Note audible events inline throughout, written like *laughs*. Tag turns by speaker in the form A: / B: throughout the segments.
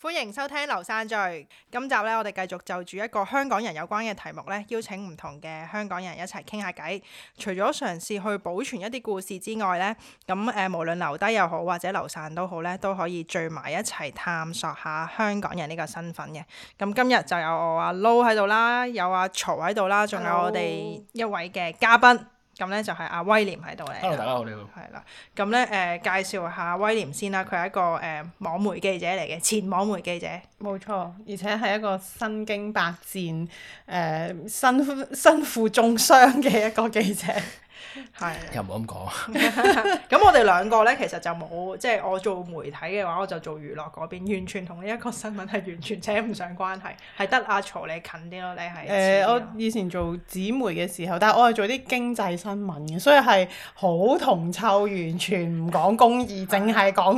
A: 歡迎收聽《留散聚》。今集咧，我哋繼續就住一個香港人有關嘅題目咧，邀請唔同嘅香港人一齊傾下偈。除咗嘗試去保存一啲故事之外咧，咁誒，無論留低又好或者流散都好咧，都可以聚埋一齊探索下香港人呢個身份嘅。咁今日就有我阿撈喺度啦，有阿曹喺度啦，仲有我哋一位嘅嘉賓。咁咧就係阿威廉喺度咧。哈嘍 Hello, 的，大家
B: 好，你好。係、
A: 呃、啦，咁咧誒介紹下威廉先啦，佢係一個誒、呃、網媒記者嚟嘅，前網媒記者。
C: 冇錯，而且係一個身經百戰、誒、呃、身身負重傷嘅一個記者。 *laughs* 係又冇咁講。咁 *laughs* *laughs* 我哋兩個咧，
A: 其實就冇即係我做媒體嘅話，我就做娛樂嗰邊，完全同呢一個新聞係完全扯唔上關係，係得阿曹你近啲咯，你係。誒、欸，我
C: 以前做紙媒嘅時候，但係我係做啲經濟新聞嘅，所以係好同臭，完全唔講公義，淨係講。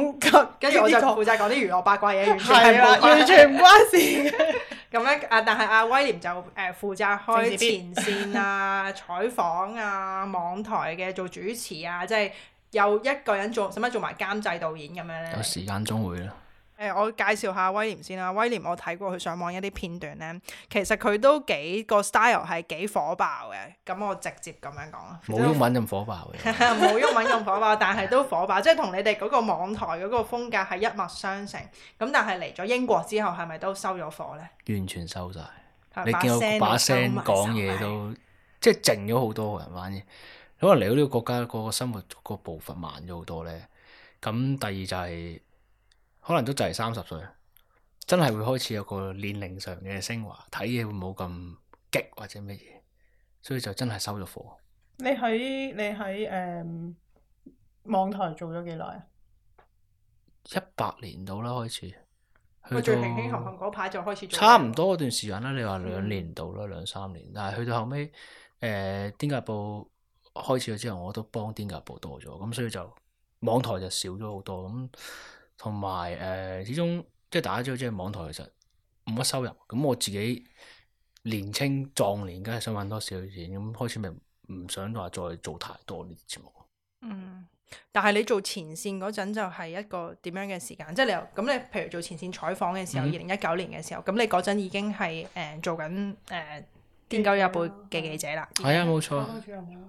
C: 跟住我就負責
A: 講啲娛樂八卦嘢，完全完全唔關事。 *laughs* 咁咧，啊，但係阿威廉就誒、呃、負責開前線啊、 *laughs* 採訪啊、網台嘅做主持啊，即、就、係、是、有一個人做，使乜做埋監製導演咁樣咧？
B: 有時間鍾會咯。
A: 誒、欸，我介紹下威廉先啦。威廉，我睇過佢上網一啲片段咧，其實佢都幾個 style 係幾火爆嘅。咁我直接咁樣講冇英文
B: 咁火爆嘅，
A: 冇英文咁火爆，但係都火爆， *laughs* 即係同你哋嗰個網台嗰個風格係一脈相承。咁但係嚟咗英國之後，係咪都收咗火咧？
B: 完全收晒。嗯、你見到把聲講嘢都、嗯、即係靜咗好多個 *laughs* 人，反正可能嚟到呢個國家個生活個步伐慢咗好多咧。咁第二就係、是。可能都就係三十歲，真係會開始有個年齡上嘅升華，睇嘢會冇咁激或者乜嘢，所以就真係收咗貨。
C: 你喺你喺誒網台做咗幾
B: 耐啊？一百年到啦，開始。我最平平淡淡
C: 嗰
A: 排就開始做。差唔
B: 多嗰段時間啦，你話兩年到啦，兩、嗯、三年，但係去到後尾，誒、呃，丁家寶開始咗之後，我都幫丁家寶多咗，咁所以就網台就少咗好多咁。同埋誒，始終即大家知道，即係網台其實冇乜收入。咁我自己年青壯年，梗係想揾多少少錢。咁開始咪唔想話再做太多呢啲節目。嗯，
A: 但係你做前線嗰陣就係一個點樣嘅時間？即係你又咁，你譬如做前線採訪嘅時候，二零一九年嘅時候，咁你嗰陣已經係誒、呃、做緊誒《癲狗日報》嘅記者啦。係、嗯哎、啊，冇
B: 錯，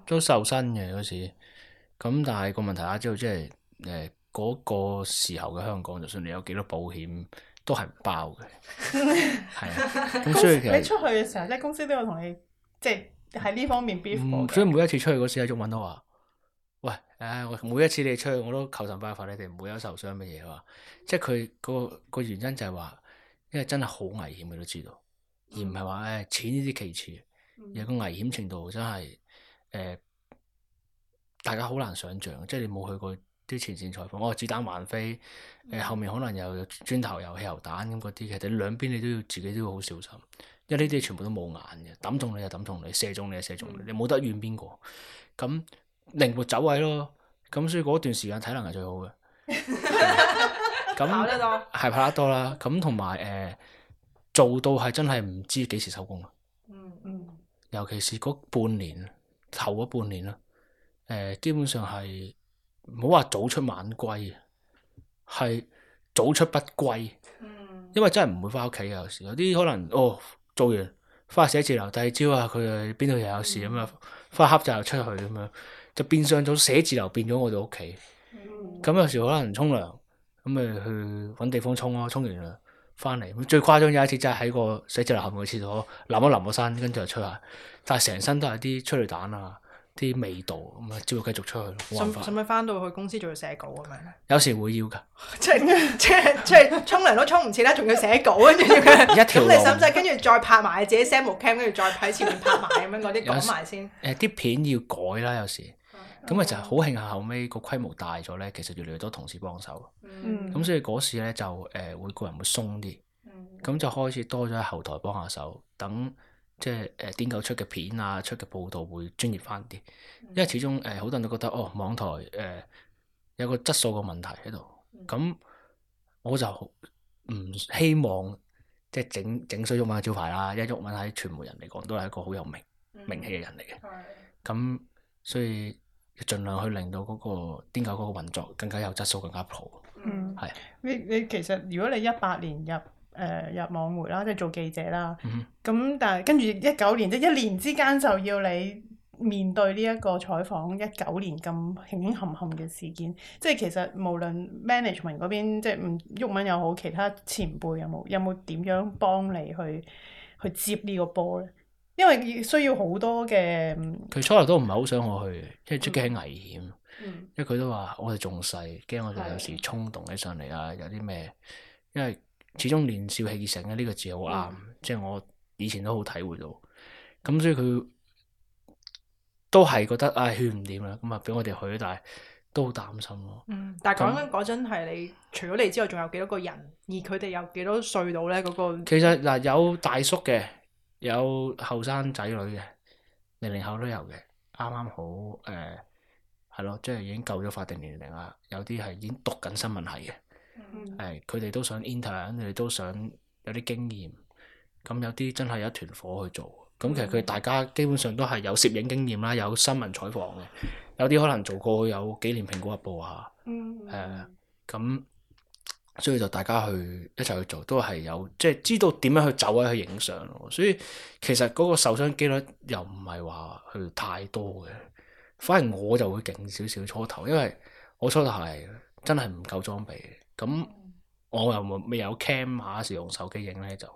B: 都受薪嘅嗰時。咁但係個問題，打之後即係誒。就是嗰個時候嘅香港，就算你有幾多保險，都係唔包嘅。係， *laughs* 所以其
C: 實你出去嘅時候咧，公司都有同你即係喺呢方面 b e、嗯、
B: 所以每一次出去嗰時，阿鍾文都話，喂，唉、啊，每一次你出去，我都求神拜佛，你哋唔會有受傷嘅嘢。話，即係佢、那個、那個原因就係話，因為真係好危險，佢都知道，
D: 而唔係
B: 話誒錢呢啲其次，有個危險程度真係誒、呃，大家好難想像，即係你冇去過。啲前線採訪，哦，子彈橫飛，誒、呃、後面可能又有磚頭有、又汽油彈咁嗰啲，其實兩邊你都要自己都要好小心，因為呢啲全部都冇眼嘅，揼中你就揼中你，射中你就射中你，嗯、你冇得怨邊個。咁靈活走位咯，咁所以嗰段時間體能係最好嘅。咁係、 *laughs* 嗯、拍得多啦，咁同埋誒做到係真係唔知幾時收工啊！嗯嗯，尤其是嗰半年頭嗰半年啦，誒、呃、基本上係。唔好話早出晚歸嘅，係早出不歸，因為真係唔會翻屋企啊！有時有啲可能哦，做完翻去寫字樓，第二朝啊佢啊邊度又有事咁樣，翻去瞌就出去咁樣，就變相咗寫字樓變咗我哋屋企。咁有時可能沖涼，咁咪去揾地方沖咯，沖完涼翻嚟，最誇張有一次真係喺個寫字樓後面嘅廁所淋一淋個身，跟住就出下，但係成身都係啲催淚彈啊！啲味道咁啊，照繼續出去咯。使唔使
A: 翻到去公司做寫稿咁
B: 樣？有時會要㗎，即係
A: 即係即係沖涼都沖唔切啦，仲要寫稿跟住咁。 *laughs* 一條咁路 *laughs* 你使唔使跟住再拍埋自己 sample cam，跟住再喺前面拍埋咁樣嗰啲講埋先？
B: 誒啲片要改啦，有時咁啊，嗯、就係好慶幸後尾個規模大咗咧，其實越嚟越多同事幫手。咁、嗯、所以嗰時咧就誒會、呃、個人會鬆啲，咁、嗯、就開始多咗喺後台幫下手等。即係誒，癲狗出嘅片啊，出嘅報道會專業翻啲，因為始終誒好多人都覺得哦，網台誒、呃、有個質素個問題喺度。咁我就唔希望即係、就是、整整衰鬱文嘅招牌啦，因為鬱文喺傳媒人嚟講都係一個好有名名氣嘅人嚟嘅。係的。咁所以盡量去令到嗰個癲狗嗰個運作更加有質素，更加好。嗯。係是。
C: 你你其實如果你一八年入。誒、uh, 入網媒啦，即係做記者啦。咁、嗯、但係跟住一九年即係一年之間就要你面對呢一個採訪一九年咁輕輕冚冚嘅事件，即係其實無論 management 嗰邊即係唔鬱文又好，其他前輩有冇有冇點樣幫你去去接個呢個波咧？因為需要好多嘅。
B: 佢初頭都唔係好想我去即係因為出街危險，嗯嗯、因為佢都話我哋仲細，驚我哋有時衝動起上嚟啊，的有啲咩，因為。始終年少氣盛嘅呢、這個字好啱，嗯、即係我以前都好體會到。咁所以佢都係覺得啊，去唔掂啦。咁啊，俾我哋去，但係都好擔心咯。嗯，但係講緊
A: 嗰陣係，你那除咗你之外，仲有幾多個人？而佢哋有幾多歲到咧？嗰、那個
B: 其實嗱、呃，有大叔嘅，有後生仔女嘅，零零後都有嘅，啱啱好誒，係、呃、咯，即係已經夠咗法定年齡啦。有啲係已經讀緊新聞系嘅。係，佢哋、嗯、都想 intern，佢哋都想有啲經驗。咁有啲真係有一團火去做。咁其實佢大家基本上都係有攝影經驗啦，有新聞採訪嘅。有啲可能做過有幾年蘋果日報，嗯嗯啊。誒，咁所以就大家去一齊去做，都係有即係知道點樣去走位去影相咯。所以其實嗰個受傷幾率又唔係話去太多嘅，反而我就會勁少少初頭，因為我初頭係真係唔夠裝備。咁我又未有 cam，下時用手機影咧就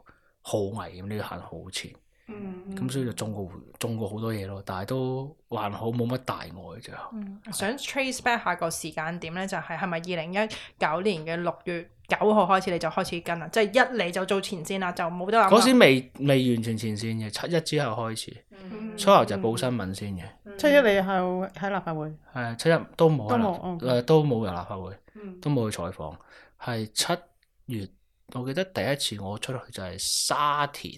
B: 好危險，呢行好前，
D: 咁、嗯嗯、所
B: 以就中過中過好多嘢咯，但係都還好，冇乜大礙啫、嗯。
A: 想 trace back 下個時間點咧，就係係咪二零一九年嘅六月九號開始你就開始跟啦？即係 *laughs* 一嚟就做前線啦，就冇得諗。嗰時未
B: 未完全前線嘅，七一之後開始，嗯、初頭就報新聞先嘅。嗯嗯
C: 七一你係喺立法會，
B: 係七一都冇，都冇，誒、哦、都冇入立法會，嗯、都冇去採訪。係七月，我記得第一次我出去就係沙田，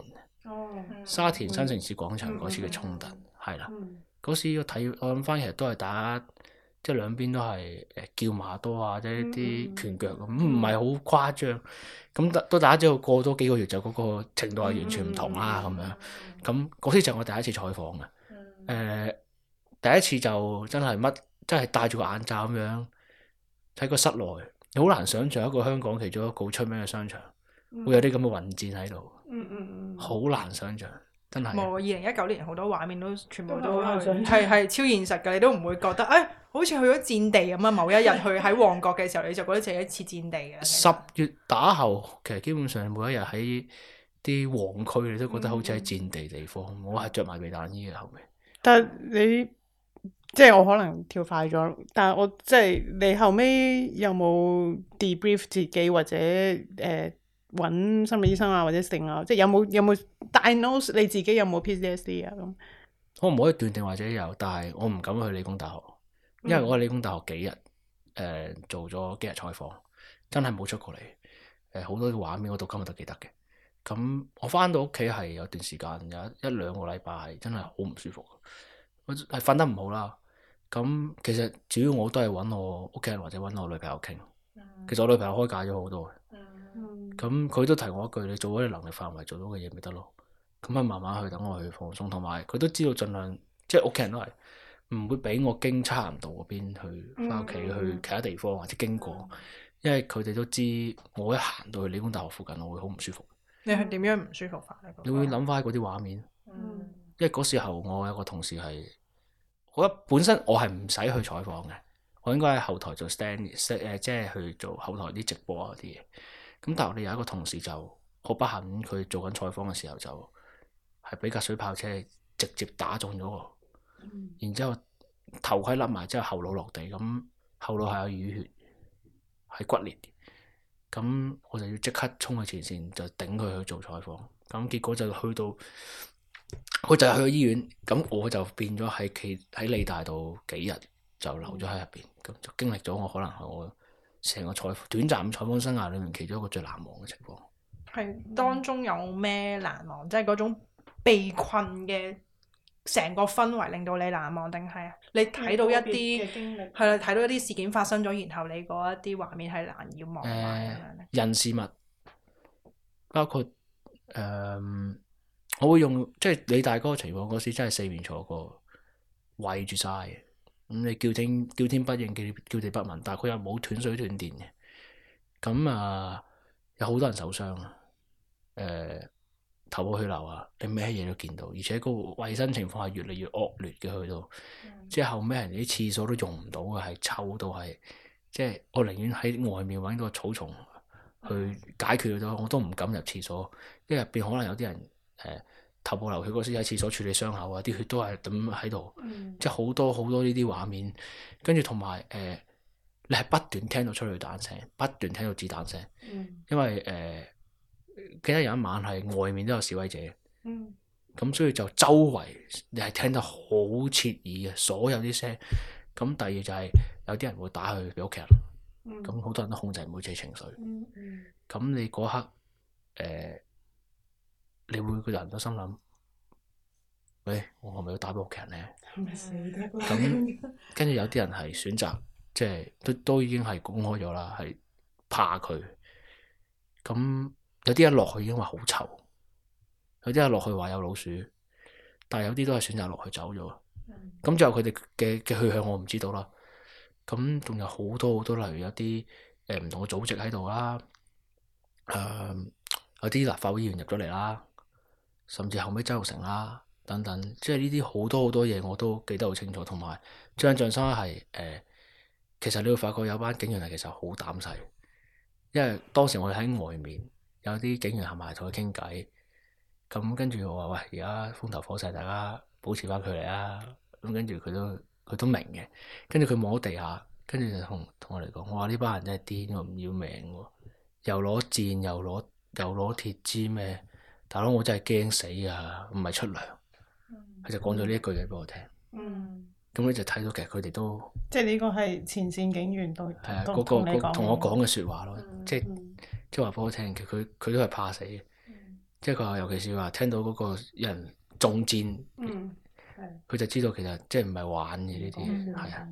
B: 哦、
D: 沙田新城市廣場嗰次嘅衝突，
B: 係啦、嗯。嗰次要睇，我諗翻其實都係打，即係兩邊都係誒叫罵多啊，或者啲拳腳咁，唔係好誇張。咁都打之後過咗幾個月，就嗰個程度係完全唔同啦咁樣。咁嗰次就係我第一次採訪嘅，誒、呃。第一次就真係乜，真係戴住個眼罩咁樣睇個室內，你好難想象一個香港其中一個好出名嘅商場、嗯、會有啲咁嘅混戰喺度，
A: 好、
B: 嗯嗯、難想象，真係。
A: 冇，二零一九年好多畫面都全部都係係超現實嘅，你都唔會覺得，誒、哎，好似去咗戰地咁啊！某一日去喺旺角嘅時候，你就覺得就係一次戰地嘅。
B: 十月打後，其實基本上每一日喺啲旺區，你都覺得好似喺戰地地方。嗯、我係着埋避彈衣嘅後面，
C: 但係你。即係我可能跳快咗，但係我即係你後尾有冇 debrief 自己或者誒揾、呃、心理醫生啊或者剩啊，即係有冇有冇 diagnose 你自己有冇 P C S D 啊咁？
B: 我唔可以斷定或者有，但係我唔敢去理工大學，因為我喺理工大學幾日誒、呃、做咗幾日採訪，真係冇出過嚟。誒、呃，好多啲畫面我到今日都記得嘅。咁我翻到屋企係有段時間有一一兩個禮拜係真係好唔舒服，我係瞓得唔好啦。咁其實主要我都係揾我屋企人或者揾我女朋友傾。其實我女朋友開解咗好多嘅。咁佢、嗯、都提我一句：你做嗰啲能力範圍做到嘅嘢咪得咯？咁啊慢慢去等我去放鬆。同埋佢都知道盡量，即係屋企人都係唔會俾我經差唔到嗰邊去翻屋企去其他地方或者經過，嗯、因為佢哋都知我一行到去理工大學附近，我會好唔舒服。
D: 你係
A: 點樣唔舒服法？
B: 你會諗翻嗰啲畫面。嗯、因為嗰時候我有個同事係。我覺得本身我係唔使去採訪嘅，我應該喺後台做 stand，誒即係去做後台啲直播嗰啲嘢。咁但我哋有一個同事就好不幸，佢做緊採訪嘅時候就係俾架水炮車直接打中咗，然之後頭盔甩埋，之後後腦落地，咁後腦係有淤血，係骨裂。咁我就要即刻衝去前線就頂佢去做採訪。咁結果就去到。我就去到醫院，咁我就變咗喺企喺理大度幾日，就留咗喺入邊，咁就經歷咗我可能係我成個採短暫採訪生涯裏面其中一個最難忘嘅情況。
A: 係當中有咩難忘？嗯、即係嗰種被困嘅成個氛圍，令到你難忘，定係你睇到一啲經歷係啦，睇到一啲事件發生咗，然後你嗰一啲畫面係難以忘懷，
B: 呃、樣人事物，包括誒。呃我會用，即係你大哥情況嗰時，真係四面坐過，圍住晒。咁你叫天叫天不應叫，叫地不聞，但係佢又冇斷水斷電嘅，咁啊有好多人受傷，誒、呃、頭破血流啊，你咩嘢都見到，而且個衞生情況係越嚟越惡劣嘅去到，嗯、即係後尾人哋啲廁所都用唔到啊，係臭到係，即係我寧願喺外面揾個草叢去解決咗，嗯、我都唔敢入廁所，因為入邊可能有啲人。誒，頭部流血嗰時喺廁所處理傷口啊，啲血都係咁喺度，嗯、即係好多好多呢啲畫面。跟住同埋誒，你係不斷聽到催淚彈聲，不斷聽到子彈聲。嗯、因為誒，記得有一晚係外面都有示威者，咁、嗯、所以就周圍你係聽得好切耳嘅，所有啲聲。咁第二就係有啲人會打去俾屋企人，咁好多人都控制唔到自己情緒。咁你嗰刻誒。呃你每個人都心諗，喂、哎，我係咪要打俾屋企人咧？
D: 咁
B: 跟住有啲人係選擇，即係都都已經係公開咗啦，係怕佢。咁有啲一落去已經話好臭，有啲一落去話有老鼠，但係有啲都係選擇落去走咗。咁 *music* 最後佢哋嘅嘅去向我唔知道啦。咁仲有好多好多例如一啲誒唔同嘅組織喺度啦，誒、呃、有啲立法會議員入咗嚟啦。甚至後尾周玉成啦，等等，即係呢啲好多好多嘢，我都記得好清楚。同埋張進生係誒、呃，其實你會發覺有班警員係其實好膽細，因為當時我哋喺外面有啲警員行埋同佢傾偈，咁跟住我話喂，而家，風頭火勢，大家保持翻距離啦。咁跟住佢都佢都明嘅，跟住佢望咗地下，跟住就同同我哋講，我話哇，呢班人真係癲，我唔要命嘅，啊，又攞箭，又攞又攞鐵枝咩？大佬，我真係驚死啊！唔係出糧，佢就講咗呢一句嘢俾我聽。
C: 嗯，
B: 咁你就睇到其實佢哋都
C: 即係呢個係前線警員，對，係啊，嗰個
B: 同我講嘅説話咯，即係即係話俾我聽，佢佢都係怕死嘅。即係佢話，尤其是話聽到嗰個人中箭，佢就知道其實即係唔係玩嘅呢啲，
A: 係啊。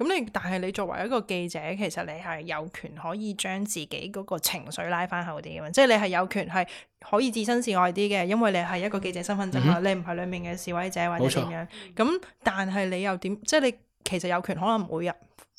A: 咁你，但係你作為一個記者，其實你係有權可以將自己嗰個情緒拉翻後啲嘅，即係你係有權係可以置身事外啲嘅，因為你係一個記者身份啫嘛，嗯、你唔係裡面嘅示威者、嗯、或者點樣。咁冇錯、但係你又點？即係你其實有權可能每日。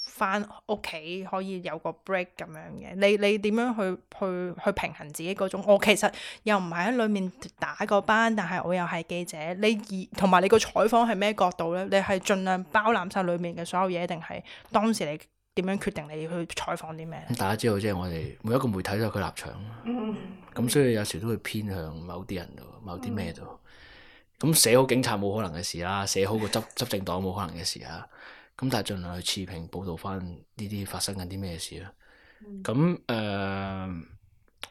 A: 翻屋企可以有個 break 咁樣嘅，你你點樣去去去平衡自己嗰種？我其實又唔係喺裡面打個班，但係我又係記者。你而同埋你個採訪係咩角度呢？你係盡量包攬晒裡面嘅所有嘢，定係當時你點樣決定你去採訪啲咩？
B: 大家知道，即係我哋每一個媒體都有佢立場。嗯、咁所以有時都會偏向某啲人度、某啲咩度。咁嗯、寫好警察冇可能嘅事啦，寫好個執執政黨冇可能嘅事啦。 *laughs* 咁但係盡量去持平報道翻呢啲發生緊啲咩事咯。咁誒、嗯，uh,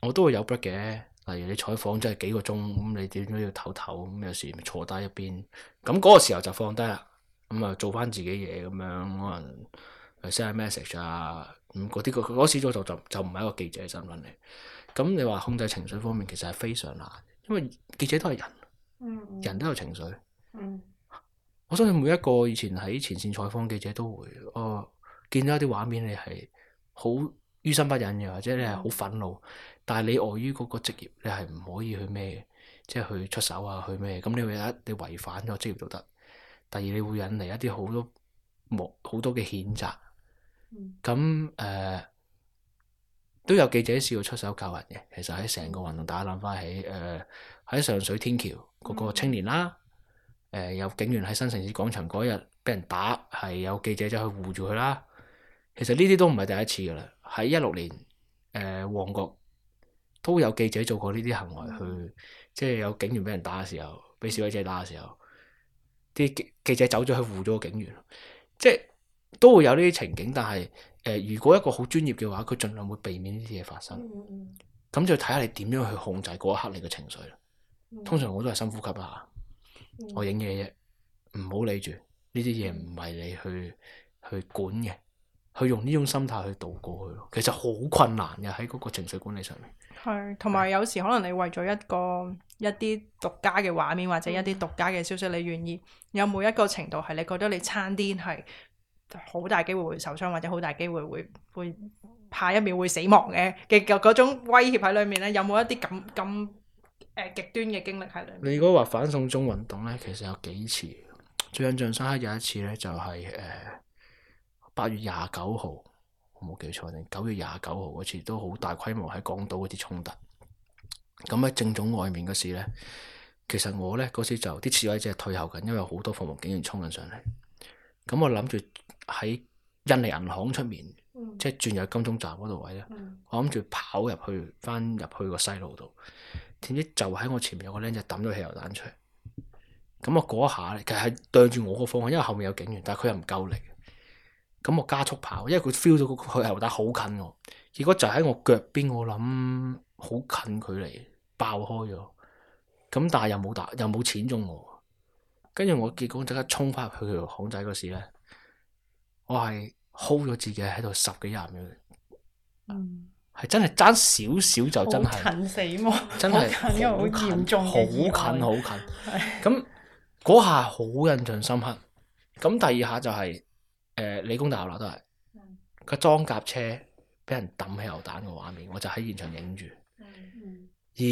B: 我都會有 break 嘅。例如你採訪即係幾個鐘，咁你點都要唞唞。咁有時咪坐低一邊，咁嗰個時候就放低啦。咁啊，做翻自己嘢咁樣，可能 send message 啊，咁嗰啲嗰嗰時做就就就唔係一個記者嘅身份嚟。咁你話控制情緒方面，其實係非常難，因為記者都係人，
D: 嗯、人都
B: 有情緒。嗯我相信每一個以前喺前線採訪記者都會，哦，見到一啲畫面你係好於心不忍嘅，或者你係好憤怒，但係你礙於嗰個職業，你係唔可以去咩，即係去出手啊，去咩？咁你會一你違反咗職業道德，第二你會引嚟一啲好多冇好多嘅譴責。咁誒、呃、都有記者試過出手救人嘅，其實喺成個運動打攬翻起，誒、呃、喺上水天橋嗰個青年啦。嗯誒、呃，有警員喺新城市廣場嗰日俾人打，係有記者就去護住佢啦。其實呢啲都唔係第一次噶啦。喺一六年，誒、呃，旺角都有記者做過呢啲行為，去即係有警員俾人打嘅時候，俾示威者打嘅時候，啲、嗯、記者走咗去護咗個警員。即係都會有呢啲情景，但係誒、呃，如果一個好專業嘅話，佢盡量會避免呢啲嘢發生。咁、嗯、就睇下你點樣去控制嗰一刻你嘅情緒。通常我都係深呼吸一下。我影嘢啫，唔好理住呢啲嘢，唔係你去去管嘅，去用呢種心態去度過佢咯。其實好困難嘅喺嗰個情緒管理上面。
A: 係，同埋有，有時可能你為咗一個一啲獨家嘅畫面或者一啲獨家嘅消息，你願意有冇一個程度係你覺得你餐癲係好大機會會受傷，或者好大機會會會下一秒會死亡嘅嘅嗰嗰種威脅喺裏面咧，有冇一啲咁咁？誒極端嘅經歷喺
B: 你如果話反送中運動呢，其實有幾次，最印象深刻有一次呢，就係誒八月廿九號，我冇記錯定九月廿九號嗰次，都好大規模喺港島嗰啲衝突。咁喺政總外面嘅事咧，其實我呢嗰次就啲示威者係退後緊，因為好多防暴警員衝緊上嚟。咁我諗住喺印尼銀行出面，
D: 嗯、即係
B: 轉入金鐘站嗰度位咧，嗯、我諗住跑入去翻入去個西路度。點知就喺我前面有個僆仔抌咗汽油彈出嚟，咁我嗰下其實係對住我個方向，因為後面有警員，但係佢又唔夠力。咁我加速跑，因為佢 feel 到個汽油彈好近我，結果就喺我腳邊，我諗好近距離爆開咗。咁但係又冇打，又冇錢中我。跟住我結果即刻衝翻入去條巷仔嗰時咧，我係 hold 咗自己喺度十幾廿秒。嗯係真係爭少少就真係近
C: 死喎， *laughs* 真係因為好近，好近好
B: 近，咁嗰下好印象深刻。咁第二下就係、是、誒、呃、理工大學啦，都係個裝甲車俾人抌汽油彈嘅畫面，我就喺現場影住。而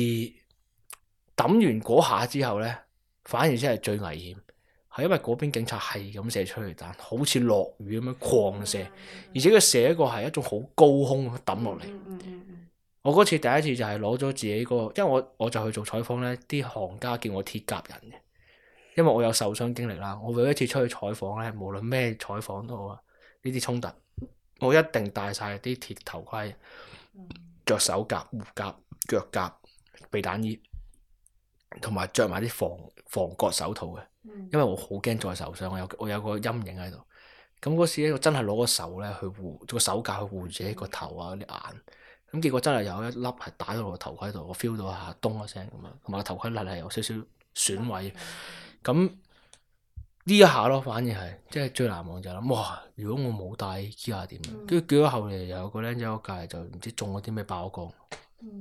B: 抌完嗰下之後咧，反而先係最危險。因為嗰邊警察係咁射出去，彈，好似落雨咁樣狂射，而且佢射一個係一種好高空抌落嚟。我嗰次第一次就係攞咗自己個，因為我我就去做採訪咧，啲行家叫我鐵甲人嘅，因為我有受傷經歷啦。我每一次出去採訪咧，無論咩採訪都好啊，呢啲衝突，我一定戴晒啲鐵頭盔、着手甲、護甲、腳甲、避彈衣，同埋着埋啲防防割手套嘅。因為我好驚再受傷，我有我有個陰影喺度。咁嗰時咧，我真係攞個手咧去護做個手架去護住自己個頭啊，啲眼。咁結果真係有一粒係打到我個頭盔度，我 feel 到一下咚一聲咁啊，同埋個頭盔甩係有少少損毀。咁呢一下咯，反而係即係最難忘就係諗，哇！如果我冇戴 KIA 點？跟住叫咗後嚟又有個僆仔，我隔日就唔知中咗啲咩爆光。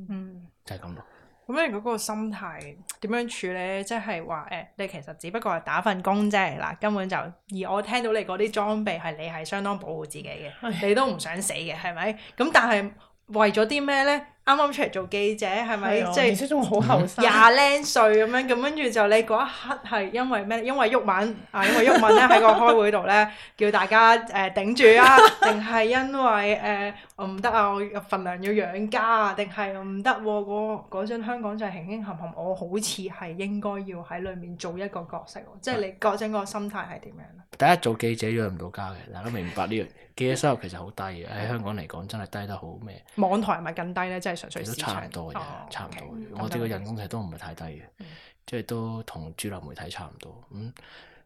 B: 嗯，
D: 就係咁咯。咁咧
A: 嗰個心態點樣處理呢？即係話誒，你其實只不過係打份工啫，嗱，根本就而我聽到你嗰啲裝備係你係相當保護自己嘅， *laughs* 你都唔想死嘅，係咪？咁但係為咗啲咩呢？啱啱出嚟做記者係咪？即係年紀仲
C: 好後生，
A: 廿零歲咁樣咁，跟住就你嗰一刻係因為咩？因為毓民啊，因為毓民咧喺個開會度咧叫大家誒頂住啊，定係因為誒我唔得啊，我份糧要養家啊，定係唔得喎？嗰嗰陣香港就係輕輕冚冚，我好似係應該要喺裏面做一個角色，即係你嗰陣個心態係點樣？
B: 第一做記者養唔到家嘅嗱，你明白呢？記者收入其實好低嘅，喺香港嚟講真係低得好咩？
A: 網台係咪更低咧？即係。都差唔多嘅，
B: 哦、差唔多嘅。嗯、okay, 我哋嘅人工其實都唔係太低嘅，嗯、即係都同主流媒體差唔多。咁、嗯、誒、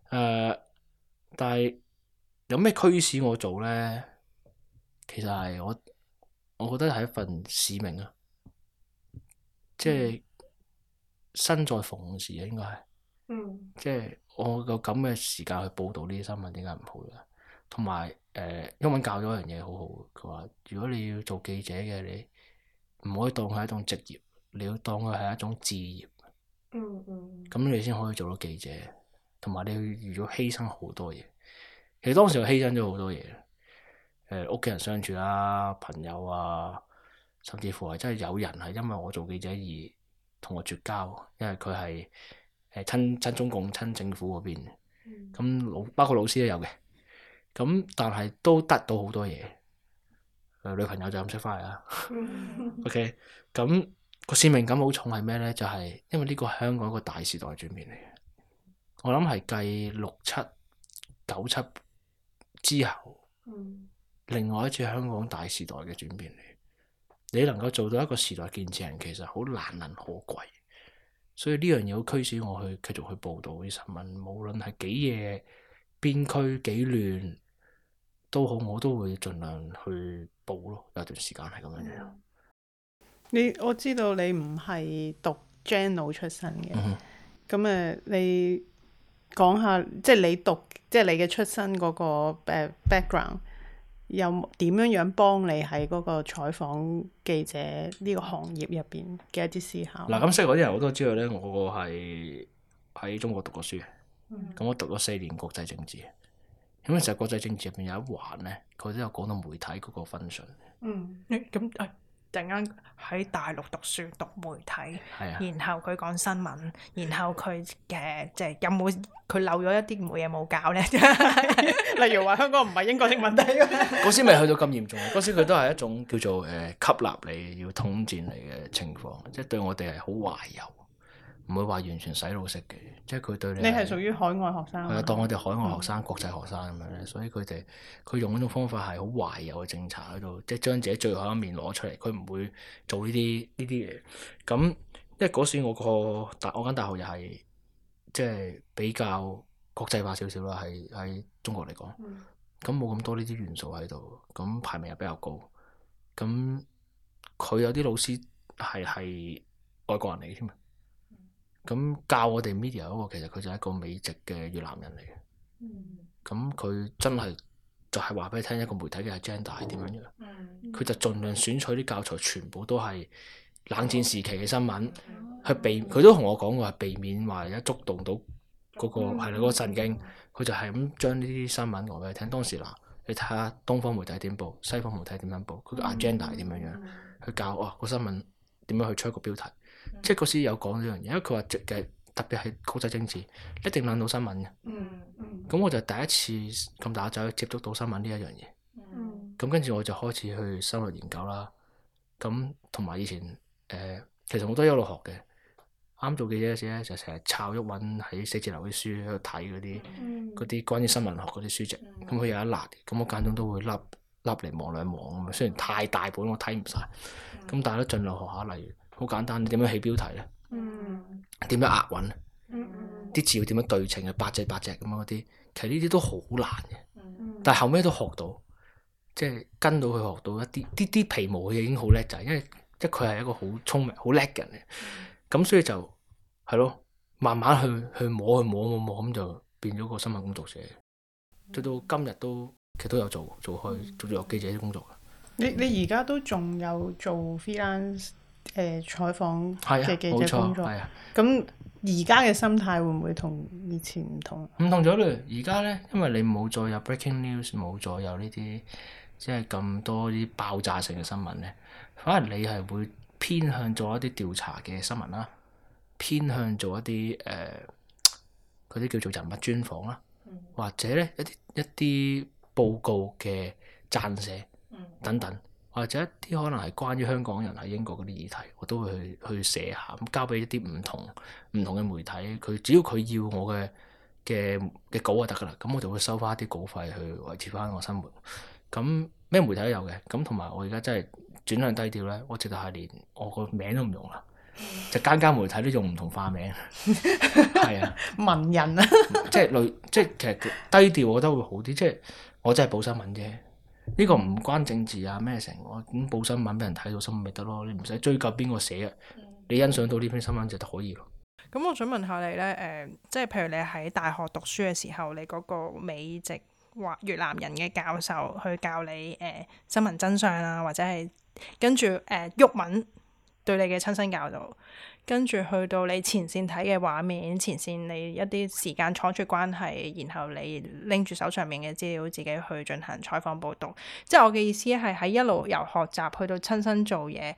B: 呃，但係有咩驅使我做咧？其實係我，我覺得係一份使命啊，即係身在逢時，該、嗯、時啊，應該係。即係我有咁嘅時間去報道呢啲新聞，點解唔好咧？同埋誒，英文教咗一樣嘢好好，佢話如果你要做記者嘅，你。唔可以當佢係一種職業，你要當佢係一種志業。
D: 嗯，
B: 咁你先可以做到記者，同埋你要預咗犧牲好多嘢。其實當時我犧牲咗好多嘢，呃、屋企人相處啦、啊、朋友啊，甚至乎係真係有人係因為我做記者而同我絕交，因為佢係誒親中共、親政府嗰邊。嗯。咁老包括老師都有嘅，咁但係都得到好多嘢。女朋友就咁出翻嚟啦。
D: *laughs* OK，
B: 咁、那個使命感好重係咩咧？就係、是、因為呢個香港一個大時代轉變嚟嘅。我諗係繼六七九七之後，另外一次香港大時代嘅轉變嚟。你能夠做到一個時代見證人，其實好難能可貴。所以呢樣嘢好驅使我去繼續去報導呢啲新聞，無論係幾夜、邊區、幾亂，都好，我都會盡量去報咯。有段時間係咁樣樣。嗯、
C: 你我知道你唔係讀 journal 出身嘅，咁誒、嗯哼，你講下即係你讀即係你嘅出身嗰個 background 有點樣樣幫你喺嗰個採訪記者呢個行業入邊嘅一啲思考。嗱、嗯哼，咁識
B: 我啲人我都知道咧，我係喺中國讀過書嘅，咁、嗯、哼我讀咗四年國際政治。咁其實國際政治入邊有一環咧，佢都有講到媒體嗰個分信。
D: 嗯，咁、
A: 欸、誒，突然間喺大陸讀書讀媒體，的然後佢講新聞，然後佢嘅，即、就、係、是、有冇佢漏咗一啲冇嘢冇
C: 教咧？搞呢 *laughs* *laughs* 例如話香港唔係英國殖民地嗰陣，
B: *laughs* 嗰時咪去到咁嚴重？嗰時佢都係一種叫做誒、呃、吸納你要通佔統戰你嘅情況，即係對我哋係好懷柔。唔會話完全洗腦式嘅，即係佢對你。你係屬
C: 於海外學生。係啊，當我哋海外學生、
B: 嗯、國際學生咁樣咧，所以佢哋佢用嗰種方法係好懷柔嘅政策喺度，即係將自己最後一面攞出嚟。佢唔會做呢啲呢啲嘢。咁因為嗰時我個大我間大學又係即係比較國際化少少啦，喺喺中國嚟講，咁冇咁多呢啲元素喺度，咁排名又比較高。咁佢有啲老師係係外國人嚟添啊！咁教我哋 media 嗰個其實佢就係一個美籍嘅越南人嚟
D: 嘅，
B: 咁佢、mm hmm. 真係就係話俾你聽一個媒體嘅 agenda 係點樣嘅，佢、mm hmm. 就儘量選取啲教材全部都係冷戰時期嘅新聞，去避佢都同我講過係避免話一觸動到嗰、那個係啦嗰個神經，佢就係咁將呢啲新聞講俾你聽。當時嗱，你睇下東方媒體點報，西方媒體點樣報，佢嘅 agenda 係點樣樣去、mm hmm. 教哦、啊那個新聞點樣去出一個標題。即係嗰時有講呢樣嘢，因為佢話即係特別係國際政治一定揾到新聞嘅。咁、嗯嗯、我就第一次咁大劑接觸到新聞呢一樣嘢。嗯。咁跟住我就開始去深入研究啦。咁同埋以前誒、呃，其實我都一路學嘅。啱做記者嗰時咧，就成日抄一揾喺寫字樓啲書喺度睇嗰啲，啲關於新聞學嗰啲書籍。咁佢有一粒，咁我間中都會笠笠嚟望兩望咁。雖然太大本我睇唔晒。咁、嗯、但係都盡量學下，例如。好簡單，你點樣起標題咧？
D: 點樣押韻咧？
B: 啲字要點樣對稱啊？八隻八隻咁樣嗰啲，其實呢啲都好難嘅。
D: 但後
B: 尾都學到，即係跟到佢學到一啲啲啲皮毛嘅已經好叻仔，因為即係佢係一個好聰明、好叻嘅人嘅。咁、嗯、所以就係咯，慢慢去去摸、去摸、摸摸咁就變咗個新聞工作者。到到今日都其實都有做做開做做，做，做記者啲工作、嗯、你
C: 你而家都仲有做 freelance？誒、呃、採訪嘅記者工作，冇錯。咁而家嘅心態會唔會同以前唔同？
B: 唔同咗啦，而家咧，因為你冇再有 breaking news，冇再有呢啲即係咁多啲爆炸性嘅新聞咧，反而你係會偏向做一啲調查嘅新聞啦，偏向做一啲誒嗰啲叫做人物專訪啦，或者咧一啲一啲報告嘅撰寫等等。或者一啲可能係關於香港人喺英國嗰啲議題，我都會去去寫下，咁交俾一啲唔同唔同嘅媒體。佢只要佢要我嘅嘅嘅稿就得噶啦。咁我就會收翻一啲稿費去維持翻我生活。咁咩媒體都有嘅。咁同埋我而家真係轉向低調咧，我直頭係連我個名都唔用啦。就間間媒體都用唔同化名，係 *laughs* *laughs* 啊，文人啊， *laughs* 即係類，即係其實低調，我覺得會好啲。即係我真係報新聞啫。呢個唔關政治啊咩成，我咁報新聞俾人睇到新聞咪得咯，你唔使追究邊個寫啊。嗯、你欣賞到呢篇新聞就得可以咯。
A: 咁我想問下你呢，誒、呃，即係譬如你喺大學讀書嘅時候，你嗰個美籍或越南人嘅教授去教你誒、呃、新聞真相啊，或者係跟住誒鬱文。對你嘅親身教導，跟住去到你前線睇嘅畫面，前線你一啲時間交錯關係，然後你拎住手上面嘅資料，自己去進行採訪報道。即係我嘅意思係喺一路由學習去到親身做嘢。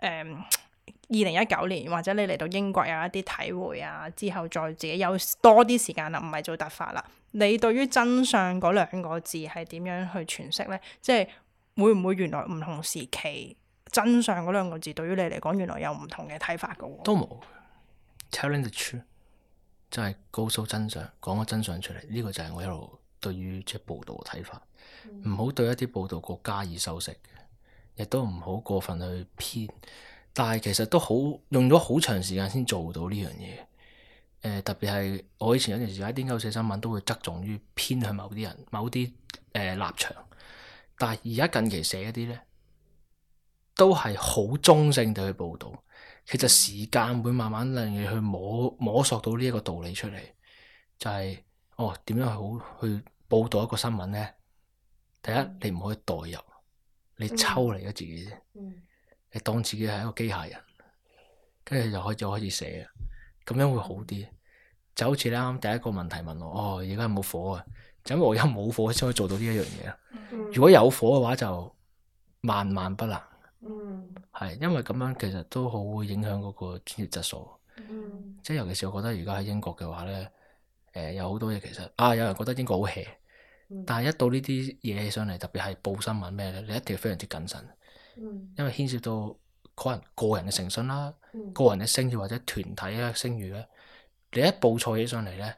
A: 誒，二零一九年或者你嚟到英國有一啲體會啊，之後再自己有多啲時間啦，唔係做突發啦。你對於真相嗰兩個字係點樣去詮釋呢？即係會唔會原來唔同時期？真相嗰兩個字對於你嚟講，原來有唔同嘅睇法噶。
B: 都冇 telling the truth，即係告訴真相，講個真相出嚟。呢、呢個就係我一路對於即係報道嘅睇法，唔好，嗯、對一啲報道局加以修飾，亦都唔好過分去偏。但係其實都好用咗好長時間先做到呢樣嘢。特別係我以前有段時間喺《點解》寫新聞都會側重於偏向某啲人，某啲、呃、立場。但係而家近期寫一啲呢。都係好中性地去報道，其實時間會慢慢令你去摸摸索到呢一個道理出嚟，就係、是、哦點樣好去，去報道一個新聞咧？第一，你唔可以代入，
D: 你抽離咗自己啫，嗯、
B: 你當自己係一個機械人，跟住就可以就開始寫，咁樣會好啲。就好似你啱啱第一個問題問我哦，而家冇火啊，就是、因為我而家冇火先可以做到呢一樣嘢咯。嗯、如果有火嘅話就慢慢，就萬萬不能。嗯，係，因為咁樣其實都好會影響嗰個專業質素。嗯、即係尤其是我覺得如果喺英國嘅話咧，誒、呃、有好多嘢其實啊，有人覺得英國好 hea、嗯、
D: 但係一
B: 到呢啲嘢起上嚟，特別係報新聞咩咧，你一定要非常之謹慎。嗯、因為牽涉到可能個人嘅誠信啦，嗯、個人嘅聲譽或者團體嘅聲譽咧，你一報錯起上嚟咧，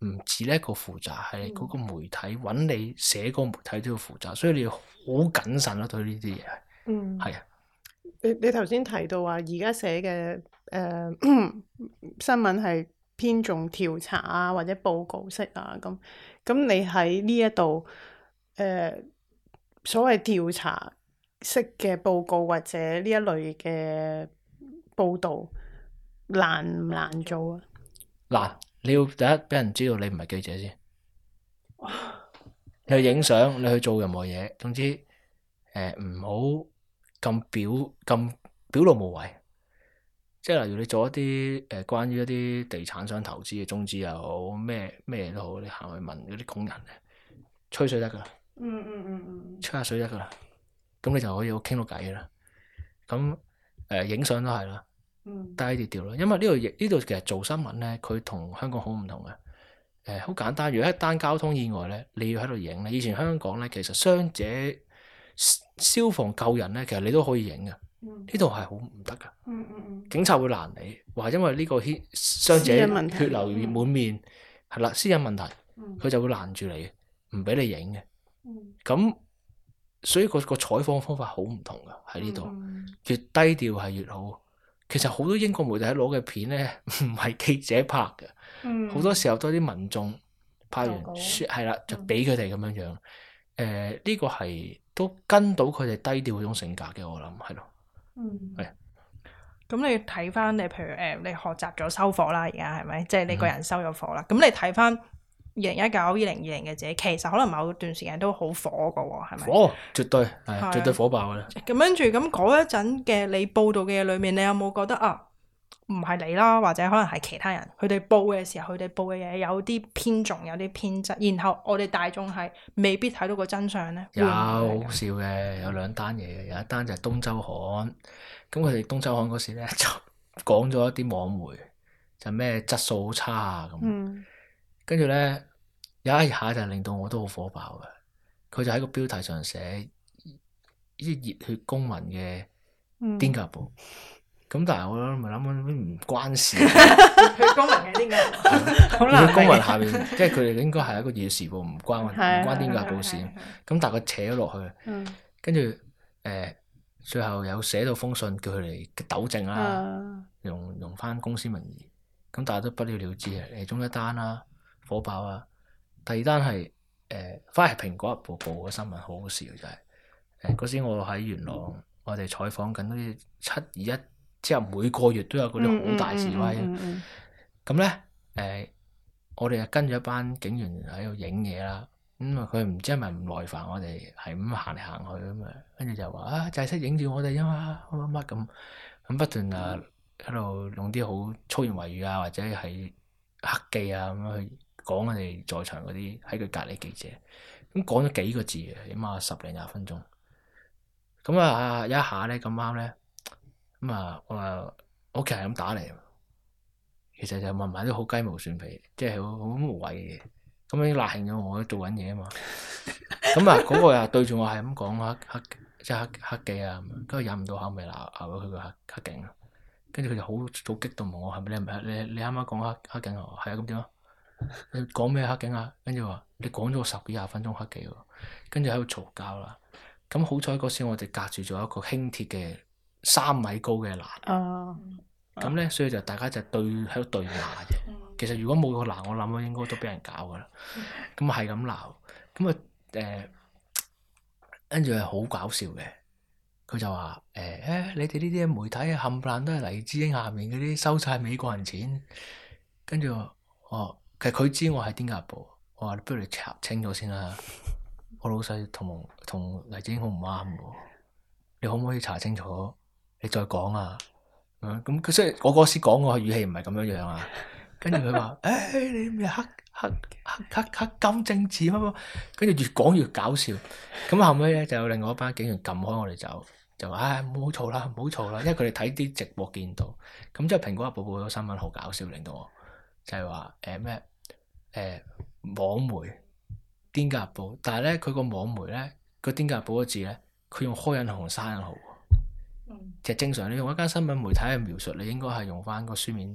B: 唔止呢一個負責，係嗰、嗯、個媒體揾你寫嗰個媒體都要負責，所以你要好謹慎咯對呢啲嘢。嗯，係啊、
C: 嗯，你你頭先提到話而家寫嘅誒、呃、新聞係偏重調查啊或者報告式啊咁，咁你喺呢一度誒所謂調查式嘅報告或者呢一類嘅報道難唔難做啊？
B: 難，你要第一俾人知道你唔係記者先，哇你去影相，你去做任何嘢，總之誒唔好。呃咁表咁表露無遺，即係例如你做一啲誒、呃、關於一啲地產商投資嘅，宗旨又好咩咩都好，你行去問嗰啲工人，吹水得噶、嗯，嗯，
D: 嗯
B: 吹下水得噶，咁你就可以好傾到偈啦。咁誒影相都係啦，嗯、低低調咯，因為呢度呢度其實做新聞咧，佢同香港好唔同嘅。誒、呃、好簡單，如果一單交通意外咧，你要喺度影咧，以前香港咧其實傷者。消防救人咧，其實你都可以影嘅。呢度係好唔得噶，嗯
D: 嗯、
B: 警察會攔你，話因為呢個傷者血流滿面，係啦，私隱問題，佢、嗯、就會攔住你，唔俾你影嘅。咁、嗯、所以個個採訪方法好唔同噶，喺呢度越低調係越好。其實好多英國媒體攞嘅片咧，唔係記者拍嘅，
D: 好、嗯、多時
B: 候都係啲民眾拍完，係啦、嗯，就俾佢哋咁樣樣。誒、呃，呢個係。都跟到佢哋低調嗰種性格嘅，我諗係咯。嗯，係。
A: 咁你睇翻你譬如誒，你學習咗收火啦，而家係咪？即係你個人收咗火啦。咁你睇翻二零一九、二零二零嘅自己，其實可能某段時間都好火㗎喎，係咪？火，
B: 絕對係絕對火爆嘅啦。
A: 咁跟住咁嗰一陣嘅你報道嘅嘢裏面，你有冇覺得啊？唔係你啦，或者可能係其他人，佢哋報嘅時候，佢哋報嘅嘢有啲偏重，有啲偏，偏質，然後我哋大眾係未必睇到個真相呢。不不有好
B: 笑嘅，有兩單嘢嘅，有一單就係東周刊，咁佢哋東周刊嗰時咧就講咗一啲網媒，就咩、是、質素好差啊咁，跟住、嗯、呢，有一下就令到我都好火爆嘅，佢就喺個標題上寫一熱血公民嘅點解報？咁但係我咧諗唔關事，佢公
D: 文嘅啲嘅，公文下邊即係佢
B: 哋應該係一個議事報，唔關唔關天價報事。咁、 *laughs* 嗯、但係佢扯咗落去，跟住誒，最後有寫到封信叫佢哋糾正啦、啊，用用翻公司名義。咁但係都不了了之啊，其中一單啦火爆啊，第二單係誒，反而蘋果日報嘅新聞好好笑就真、是、係。誒、呃，嗰時我喺元朗，我哋採訪緊啲七二一。之後每個月都有嗰啲好大示威，咁咧誒，我哋又跟住一班警員喺度影嘢啦。咁、嗯、啊，佢唔知係咪唔耐煩我哋，係咁行嚟行去啊，跟住就話啊，就係識影住我哋啫嘛，乜乜乜咁，咁不斷啊喺度用啲好粗言穢語啊，或者係黑記啊咁樣去講我哋在場嗰啲喺佢隔離記者。咁講咗幾個字嘅，起碼十零廿分鐘。咁啊有一下咧咁啱咧，咁、嗯、啊，我屋企人係咁打嚟，其實就問埋啲好雞毛蒜皮，即係好好無謂嘅嘢。咁已經辣㷫咗我做緊嘢啊嘛。咁啊、 *laughs* 嗯，嗰、嗰個又對住我係咁講黑黑，即係黑黑記啊。咁樣跟住忍唔到口咪鬧鬧咗佢個黑黑警。跟住佢就好好激動問我，係咪你唔係你你啱啱講黑黑警啊？係啊，咁點啊？你講咩黑警啊？跟住話你講咗我十幾廿分鐘黑記喎、啊，跟住喺度嘈交啦。咁好彩嗰時我哋隔住咗一個輕鐵嘅。三米高嘅欄，
D: 咁、uh,
B: uh, 呢，所以就大家就對喺度、就係、對罵啫。其實如果冇個欄，我諗應該都俾人搞噶啦。咁啊係咁鬧，咁啊誒，跟住係好搞笑嘅。佢就話誒、呃，你哋呢啲媒體冚唪唥都係黎智英下面嗰啲收晒美國人錢。跟住我，哦，其實佢知我係《點解報》。我話不如你查清楚先啦。我老細同同黎智英好唔啱喎，你可唔可以查清楚？你再講啊！咁佢雖然我嗰時講嘅語氣唔係咁樣樣啊。跟住佢話：誒、 *laughs* 哎、你咩黑黑黑黑黑咁政治乜乜？跟住越講越搞笑。咁、嗯、後尾咧就有另外一班警員撳開我哋走，就話：唔好嘈啦，唔好嘈啦。因為佢哋睇啲直播見到，咁即係蘋果日報報個新聞好搞笑，令到我就係話：誒咩誒網媒點解報？但係咧佢個網媒咧個點解報個字咧，佢用開引號山引號。其實正常你用一間新聞媒體去描述，你應該係用翻個書面，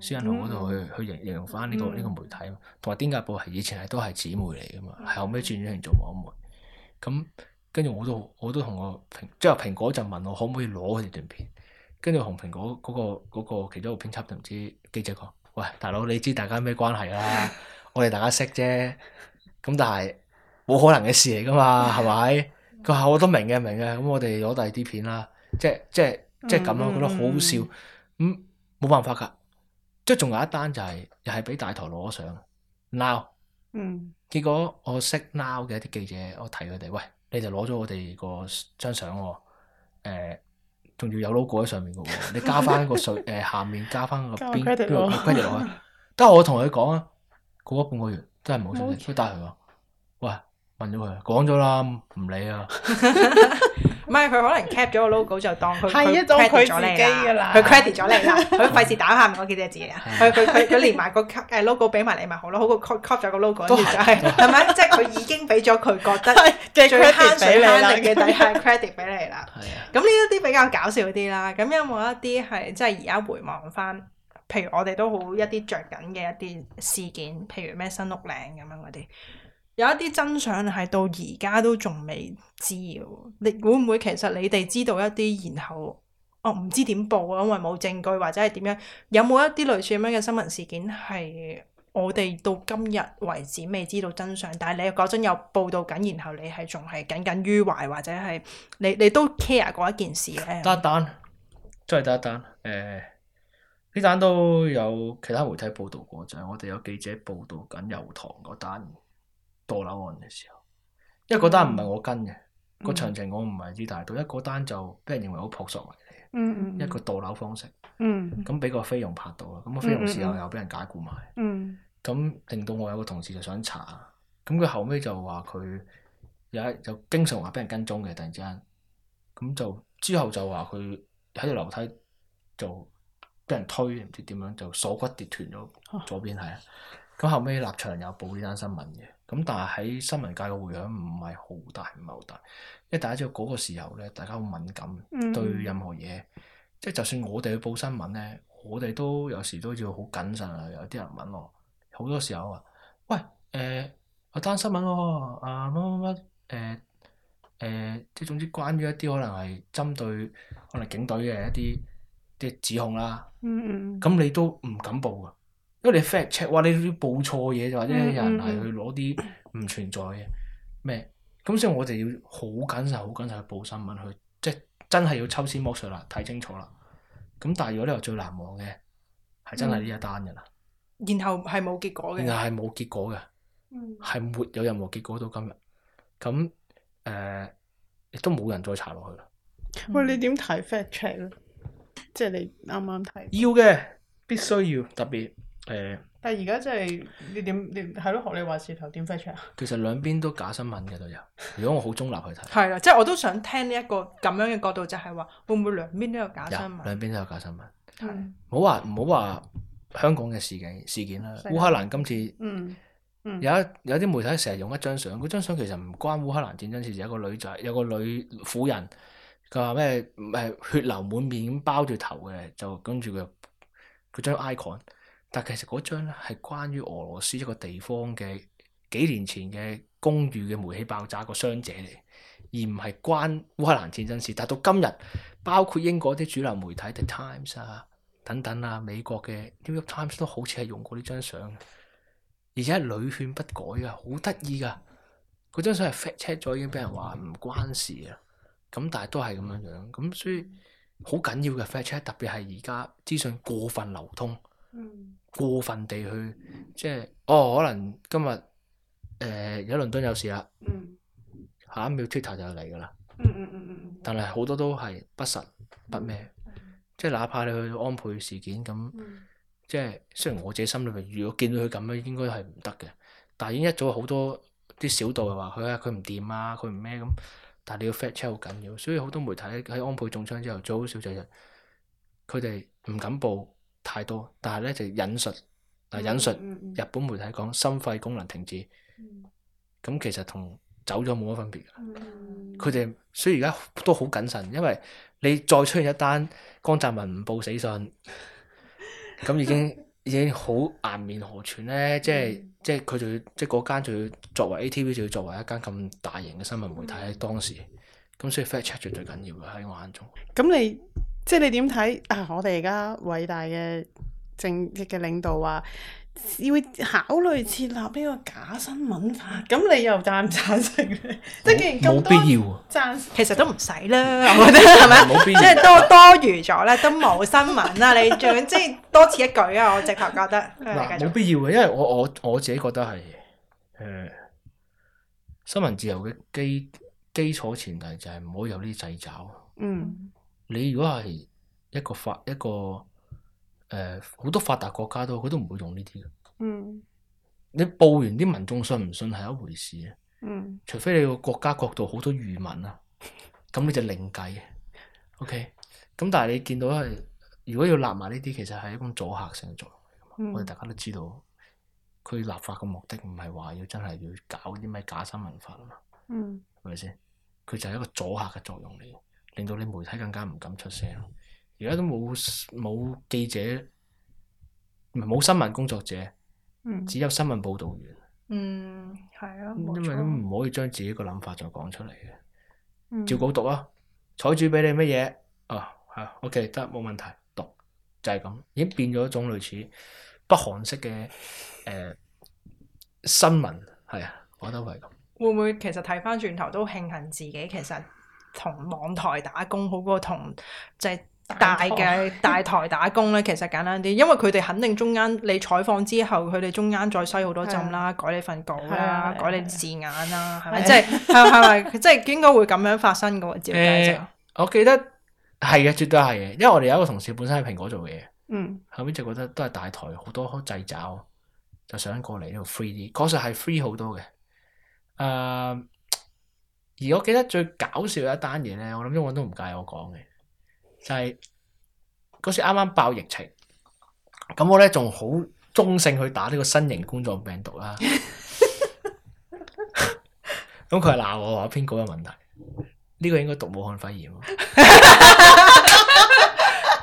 B: 書信號嗰度去去形容翻呢個呢個媒體。同埋《點解報》係以前係都係姊妹嚟㗎嘛，係後尾轉咗型做網媒。咁跟住我都我都同個蘋之後蘋果就問我可唔可以攞佢哋段片。跟住紅蘋果嗰個嗰個其中一個編輯就唔知記者講：，喂，大佬你知大家咩關係啦？我哋大家識啫。咁但係冇可能嘅事嚟㗎嘛？係咪？佢話：我都明嘅，明嘅。咁我哋攞第啲片啦。即係即係即係咁咯，我覺得好好笑。咁冇、嗯、辦法㗎，即係仲有一單就係、是、又係俾大台攞上 Now、嗯、結果我識 Now 嘅一啲記者，我提佢哋，喂，你就攞咗我哋個張相喎，仲、呃、要有 logo 喺上面嘅喎，你加翻個水誒、 *laughs* 呃，下面加翻個邊都要跟住落去。但係我同佢講啊，for credit *laughs* 過咗半個月真係冇信心，所以帶佢講，喂。Okay. *laughs* 問咗佢，講咗啦，唔理
A: 啊。唔係佢可能 cap 咗個 logo 就當佢係一種佢自己噶啦，佢 credit 咗你啦，佢費事打下面嗰幾隻字啊。佢佢佢連埋個誒 logo 俾埋你咪好咯，好過 copy 咗個 logo。 *laughs* 都係，係咪？即係佢已經俾咗佢覺得嘅最慳水慳力嘅底下 credit 俾你啦。係啊。 *laughs* *laughs* *laughs* *laughs* 咁呢一啲比較搞笑啲啦。咁有冇一啲係即係而家回望翻？譬如我哋都好一啲著緊嘅一啲事件，譬如咩新屋嶺咁樣嗰啲。有一啲真相係到而家都仲未知，你會唔會其實你哋知道一啲，然後哦唔知點報啊，因為冇證據或者係點樣？有冇一啲類似咁樣嘅新聞事件係我哋到今日為止未知道真相，但係你又講真又報道緊，然後你係仲係耿耿於懷，或者係你你都 care 過一件事咧？得，
B: 一單，即係第一單，誒、呃，呢單都有其他媒體報道過，就係我哋有記者報道緊油塘嗰單。墮樓案嘅時候，
D: 一個單唔
B: 係我跟嘅，個詳情我唔係知，但係到一個單就俾人認為好撲朔迷離嘅，
D: 嗯嗯一個
B: 墮樓方式。咁俾、嗯、個菲傭拍到啦，咁個菲傭事後又俾人解僱埋。咁、嗯嗯嗯、令到我有個同事就想查，咁佢後尾就話佢有就經常話俾人跟蹤嘅，突然之間咁就之後就話佢喺度樓梯就俾人推唔知點樣，就鎖骨跌斷咗左邊，係啊，啊。咁後尾立場有報呢單新聞嘅。咁但係喺新聞界嘅回響唔係好大，唔係好大，因為大家知道嗰個時候咧，大家好敏感，對任何嘢，mm hmm. 即係就算我哋去報新聞咧，我哋都有時都要好謹慎啊。有啲人問我，好多時候啊，喂，誒、呃，我單新聞喎、啊，啊乜乜乜，誒、啊、誒，即、啊、係、啊、總之關於一啲可能係針對可能警隊嘅一啲嘅指控啦、啊，咁、mm hmm. 你都唔敢報㗎。因為你 fact check，哇！你要報錯嘢，就或者有人係去攞啲唔存在嘅咩？咁、嗯、 *coughs* 所以我哋要好謹慎、好謹慎去報新聞，去即係真係要抽絲剝水啦，睇清楚啦。咁但係如果你話最難忘嘅係真係呢一單嘅啦、
A: 嗯，然後係冇結果嘅，然後係
B: 冇結果嘅，係、嗯、沒有任何結果到今日。咁誒，亦、呃、都冇人再查落去啦。
C: 嗯、喂，你點睇 fact check 咧？即、就、係、是、你啱啱睇要
B: 嘅，必須要特別。誒，
C: 但係而家真係你點？你係咯，學你，你話事頭點 fetch 啊？
B: 其實兩邊都假新聞嘅都有。如果我好中立去睇，
C: 係啦， *laughs* 即係我都想聽呢、這、一個咁樣
A: 嘅角度就，就係話會唔會兩邊都有假新聞？
B: 兩邊都有假新聞，係、嗯。唔好話唔好話香港嘅事件事件啦。烏克蘭今次，嗯有一有啲媒體成日用一張相，嗰張相其實唔關烏克蘭戰爭事，有一個女仔，有個女婦人，佢話咩誒血流滿面咁包住頭嘅，就跟住佢，佢將 icon。但其實嗰張咧係關於俄羅斯一個地方嘅幾年前嘅公寓嘅煤氣爆炸個傷者嚟，而唔係關烏克蘭戰爭事。但到今日，包括英國啲主流媒體 The Times 啊等等啊，美國嘅 New York Times 都好似係用過呢張相，而且係屢勸不改嘅，好得意噶。嗰張相係 fact check 咗已經俾人話唔關事啊，咁但係都係咁樣樣，咁所以好緊要嘅 fact check，特別係而家資訊過分流通。嗯過分地去，即係哦，可能今日誒、呃、有倫敦有事啦，
D: 嗯、
B: 下一秒 Twitter 就嚟噶啦。嗯嗯嗯、但係好多都係不實不咩，嗯、即係哪怕你去安倍事件咁，即係雖然我自己心裏面如果見到佢咁樣，應該係唔得嘅。但已經一早好多啲小道又話佢啊，佢唔掂啊，佢唔咩咁。但係你要 fact check 好緊要，所以好多媒體喺安倍中槍之後，最好笑就係佢哋唔敢報。太多，但係咧就引述、啊，引述日本媒體講心肺功能停止，咁、嗯嗯嗯、其實同走咗冇乜分別。佢哋、嗯、所以而家都好謹慎，因為你再出現一單江澤民唔報死訊，咁 *laughs* 已經已經好顏面何存咧、嗯？即係即係佢就要即係嗰間就要作為 ATV 就要作為一間咁大型嘅新聞媒體喺當時，咁所以 fact check 最緊要嘅喺我眼中。
C: 咁你？即係你點睇啊？我哋而家偉大嘅政績嘅領導話要考慮設立呢個假新聞法，咁你又贊唔贊成咧？即係既然咁
A: 多，冇必
B: 要
C: 贊。其實都唔使啦，
B: 我覺得。係咪？即係多
A: 多餘咗咧，都冇新聞啦。你仲即係多此一舉啊？我直頭覺得嗱，冇
B: 必要嘅，因為我我我自己覺得係誒，新聞自由嘅基基礎前提就係唔好有呢啲掣肘。嗯。你如果係一個法一個誒，呃，好多發達國家都佢都唔會用呢啲嘅。嗯，你報完啲民眾信唔信係一回事啊。嗯，除非你個國家角度好多愚民啊，咁你就另計。O K，咁但係你見到係如果要立埋呢啲，其實係一種阻嚇性嘅作用嚟嘅嘛。嗯、我哋大家都知道，佢立法嘅目的唔係話要真係要搞啲咩假新聞法啊嘛。嗯，係咪先？佢就係一個阻嚇嘅作用嚟嘅。令到你媒體更加唔敢出聲，而家都冇冇記者，冇新聞工作者，嗯、只有新聞報導員。嗯，
D: 係咯、啊，因為都唔
B: 可以將自己個諗法再講出嚟嘅。嗯、照稿讀啊，採主俾你乜嘢？哦、啊，係、啊、OK，得冇問題，讀就係、是、咁，已經變咗一種類似北韓式嘅誒、呃、新聞，係、嗯嗯嗯、啊，我都係咁。
A: 會唔會其實睇翻轉頭都慶幸自己其實？同網台打工好過同即係大嘅大台打工咧，其實簡單啲，因為佢哋肯定中間你採訪之後，佢哋中間再篩好多浸啦，的改你份稿啦，的改你啲的字眼啦，係咪即係係咪即係應該會咁樣發生嘅？接解釋、
B: 呃，我記得係嘅，絕對係嘅，因為我哋有一個同事本身喺蘋果做嘢，嗯，後邊就覺得都係大台好多掣肘，就想過嚟呢度。free 啲，確實係 free 好多嘅，誒。而我記得最搞笑一單嘢咧，我諗英文都唔介意我講嘅，就係、是、嗰時啱啱爆疫情，咁我咧仲好中性去打呢個新型冠狀病毒啦。咁佢係鬧我話編稿有問題，呢、這個應該讀武漢肺炎。 *laughs* *laughs*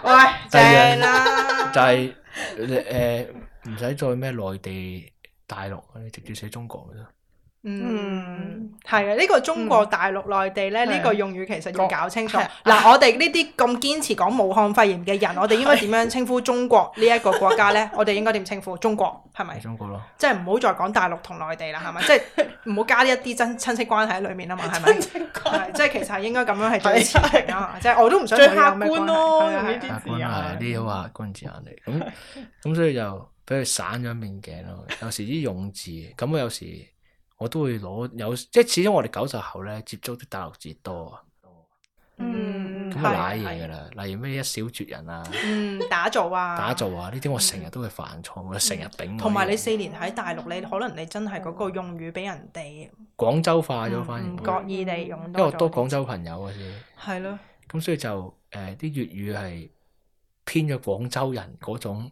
B: 喂，就係是啦，就係誒唔使再咩內地大陸，直接寫中國嘅啫。
A: 嗯，係啊，呢個中國大陸內地咧，呢個用語其實要搞清楚。嗱，我哋呢啲咁堅持講武漢肺炎嘅人，我哋應該點樣稱呼中國呢一個國家咧？我哋應該點稱呼中國？係咪？
D: 中國咯，
A: 即係唔好再講大陸同內地啦，係咪？即係唔好加呢一啲親親戚關係喺裏面啊嘛，係咪？親戚係，即係其實係應該咁樣係最持平嘅，即係我都唔
D: 想
B: 客觀咯，呢啲字眼，啲客觀字眼嚟，咁咁所以就俾佢散咗一面鏡咯。有時啲用字咁我有時。我都會攞有，即係始終我哋九十後咧，接觸啲大陸字多
A: 啊，嗯，咁就賴嘢噶啦，
B: 例如咩一小撮人啊，嗯，
A: 打造啊，打
B: 造啊，呢啲我成日都會犯錯，我成日頂唔順。同埋你
A: 四年喺大陸，你可能你真係嗰個用語俾人哋
B: 廣州化咗翻，唔覺
A: 意地用，因為我多
B: 廣州朋友啊，先係咯。咁所以就誒啲粵語係偏咗廣州人嗰種。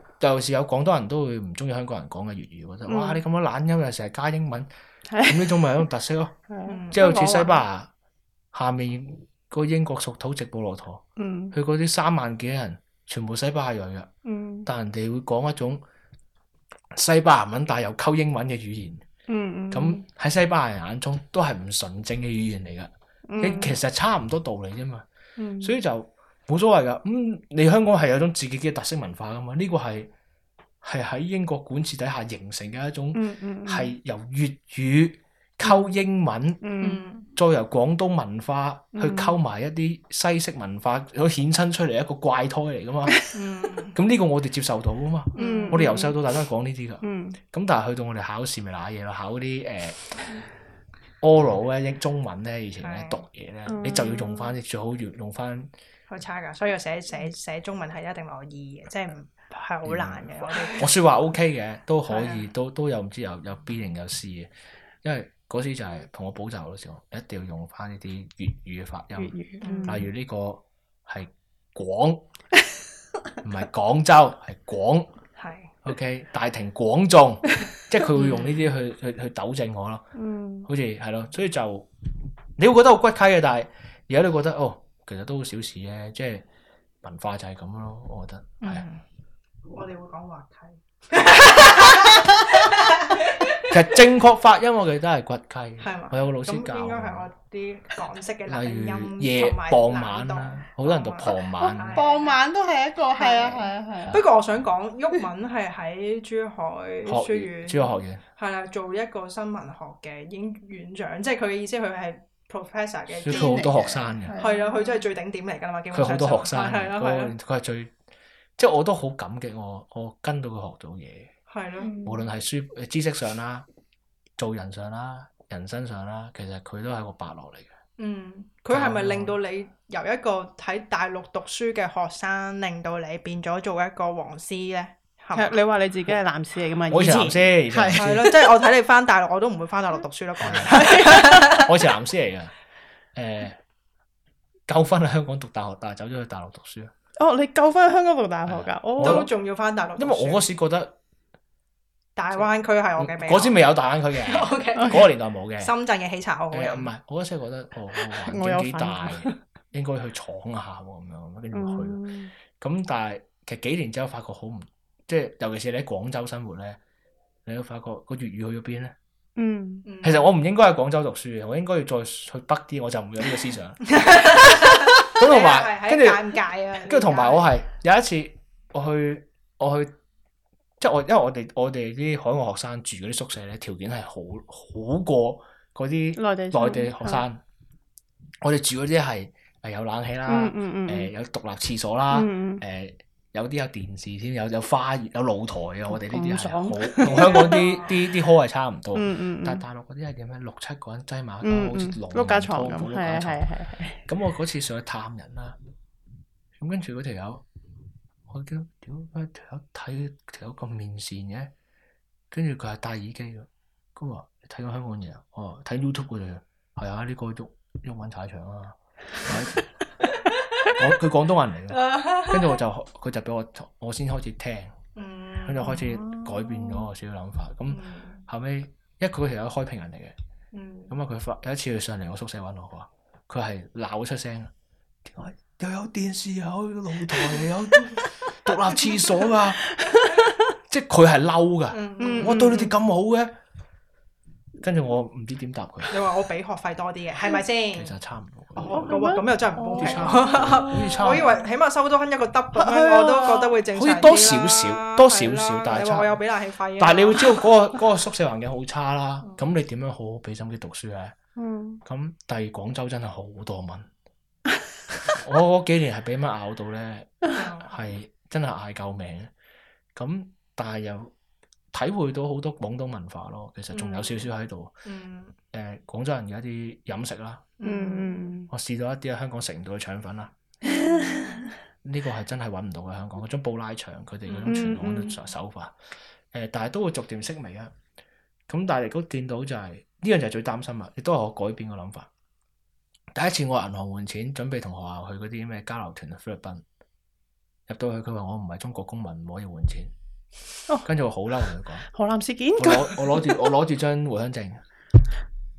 B: 就係有廣東人都會唔中意香港人講嘅粵語，我覺得、嗯、哇你咁樣懶音又成日加英文，咁呢、嗯、種咪係一種特色咯，
D: 即係好似西
B: 班牙下面嗰個英國屬土直布羅陀，佢嗰啲三萬幾人全部西班牙人嘅，嗯、但人哋會講一種西班牙文但又溝英文嘅語言，咁喺、嗯嗯、西班牙人眼中都係唔純正嘅語言嚟噶，
D: 嗯、其實
B: 差唔多道理啫嘛、嗯，所以就。冇所謂噶，咁你香港係有種自己嘅特色文化噶嘛？呢個係係喺英國管治底下形成嘅一種，係由粵語溝英文，再由廣東文化去溝埋一啲西式文化，所衍生出嚟一個怪胎嚟噶嘛。咁呢個我哋接受到啊嘛，我哋由細到大都係講呢啲噶。咁但係去到我哋考試咪賴嘢咯，考嗰啲誒 oral 咧、英文咧、中文咧、以前咧讀嘢咧，你就要用翻，最好用用翻。
A: 好差噶，所以我寫寫寫中文係一定落、嗯、我嘅，即係唔係好難嘅。
D: 我我
B: 說話 O K 嘅，都可以，嗯、都都有唔知有有 B 型有 C 嘅。因為嗰時就係、是、同我補習嗰時候，一定要用翻呢啲粵語嘅發音，例如呢個係廣，唔係廣州，係廣，係 O K 大庭廣眾，即係佢會用呢啲去去去糾正我咯。嗯，好似係咯，所以就，所以就你會覺得好骨稽嘅，但係而家都覺得，覺得哦。哦其實都好少事咧，即係文化就係咁咯。我覺得係啊。我哋
D: 會講滑稽。
B: 其實正確發音我哋都係骨雞。係嘛？我有個老師教，應該
A: 係我啲港式嘅音。例
B: 如夜、傍晚啦，好多人讀傍晚。
A: 傍晚都係。一個係啊係啊係啊！
B: 不過我想講，毓
A: 民係喺珠海學院。珠海學院。係啊，做一個新聞學嘅已院長，即係佢嘅意思，佢係。professor 嘅，佢好多學生嘅，係啊的，佢真係最頂點嚟噶嘛！佢好的多學生嘅，佢
B: 係的最，的即係我都好感激我，我跟到佢學到嘢。
A: 係咯的，無論
B: 係書知識上啦、做人上啦、人生上啦，其實佢都係個伯樂嚟嘅。
A: 嗯，佢係咪令到你由一個喺大陸讀書嘅學生，令到你變咗做一個黃絲咧？你話你自己係藍絲嚟噶嘛？我以前藍絲，係係咯，即係我睇你翻大陸，我都唔會翻大陸讀書咯。講嘢，
B: 我以前藍絲嚟噶，誒，夠分喺香港讀大學，但係走咗去大陸讀書。
A: 哦，你夠分喺香港讀大學噶，我都仲要翻大
B: 陸。因為我嗰時覺得
A: 大灣區係我嘅未，嗰時未有大灣區嘅，嗰個年代
B: 冇嘅。深圳
A: 嘅喜茶好好。唔係
B: 我嗰時覺得哦，環境幾大，應該去闖下咁樣，跟住去。咁但係其實幾年之後發覺好唔～即係尤其是你喺廣州生活咧，你會發覺個粵語去咗邊咧？嗯，
D: 其實
B: 我唔應該喺廣州讀書，我應該要再去北啲，我就唔會有呢個思想。咁同埋，跟住尷尬啊！
A: 跟住同埋，我
B: 係有一次我去我去，即係我因為我哋我哋啲海外學生住嗰啲宿舍咧，條件係好好過嗰啲內地內地學生。嗯嗯嗯、我哋住嗰啲係係有冷氣啦，誒有獨立廁所啦，誒、嗯。嗯有啲有電視先，有有花園，有露台啊！我哋呢啲係好，同香港啲啲啲 hall 係差唔多。但係大陸嗰啲係點咧？六七個人擠埋一度，好似籠咁，碌架牀咁。係係係。咁我嗰次上去探人啦，咁跟住嗰條友，我驚，屌，嗰條友睇條友咁面善嘅，跟住佢係戴耳機嘅。佢話：睇緊香港人，哦，睇 YouTube 嘅，係啊，呢個都喐文踩場啊。」佢廣 *laughs* 東人嚟嘅，跟住我就佢就俾我，我先開始聽，跟住、嗯、開始改變咗我少少諗法。咁後尾，一個佢其實開平人嚟嘅，咁啊佢發有一次佢上嚟我宿舍揾我話，佢係鬧出聲嘅，又有電視又有露台又 *laughs* 有獨立廁所噶， *laughs* *laughs* 即係佢係嬲噶，我對你哋咁好嘅。跟住我唔知點答佢。你
A: 話我俾學費多啲嘅，係咪先？其實差唔多。咁咁又真係唔好差。我以為起碼收多翻一個 double，我都覺得會正常。好似多
B: 少少，多少少，但係差。我有
A: 俾冷氣費。但係你會知道嗰
B: 個嗰個宿舍環境好差啦，咁你點樣好好俾心機讀書咧？嗯。咁但係廣州真係好多蚊，我嗰幾年係俾蚊咬到咧，係真係嗌救命。咁但係又。體會到好多廣東文化咯，其實仲有少少喺度。誒、嗯呃，廣州人而家啲飲食啦，嗯、我試到一啲喺香港食唔到嘅腸粉啦，呢 *laughs* 個係真係揾唔到嘅香港嗰種布拉腸，佢哋嗰種傳統嘅手法。嗯嗯呃、但係都會逐漸式微啊。咁但係亦都見到就係、是、呢樣就係最擔心啦，亦都係我改變嘅諗法。第一次我銀行換錢，準備同學校去嗰啲咩交流團啊，菲律賓，入到去佢話我唔係中國公民唔可以換錢。跟住、oh, 我好嬲，同佢講河南事件，我攞拿住 *laughs* 我攞住張回鄉證，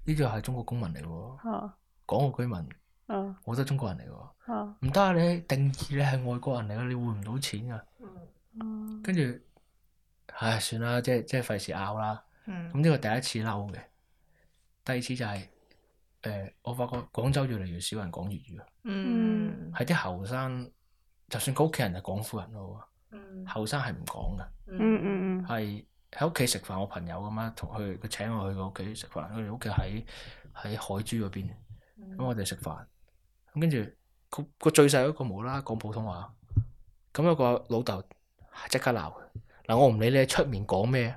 B: 呢張係中國公民嚟
D: 喎
B: ，oh. 港澳居民，oh. 我係中國人嚟
D: 嘅，
B: 唔得、oh. 啊！你定義你係外國人嚟啦，你換唔到錢噶。跟住、oh.，唉、哎，算啦，即係即係費事拗啦。咁呢、oh. 個第一次嬲嘅，第二次就係、是，誒、呃，我發覺廣州越嚟越少人講粵語啦。嗯，係啲後生，就算佢屋企人係廣府人咯。後生係唔講
D: 嘅。嗯，嗯，嗯，係
B: 喺屋企食飯。我朋友咁樣，同佢，佢請我去佢屋企食飯。佢哋屋企喺喺海珠嗰邊，咁我哋食飯。咁跟住個個最細嗰個無啦啦講普通話，咁有個老豆即刻鬧佢。嗱，我唔理你喺出面講咩，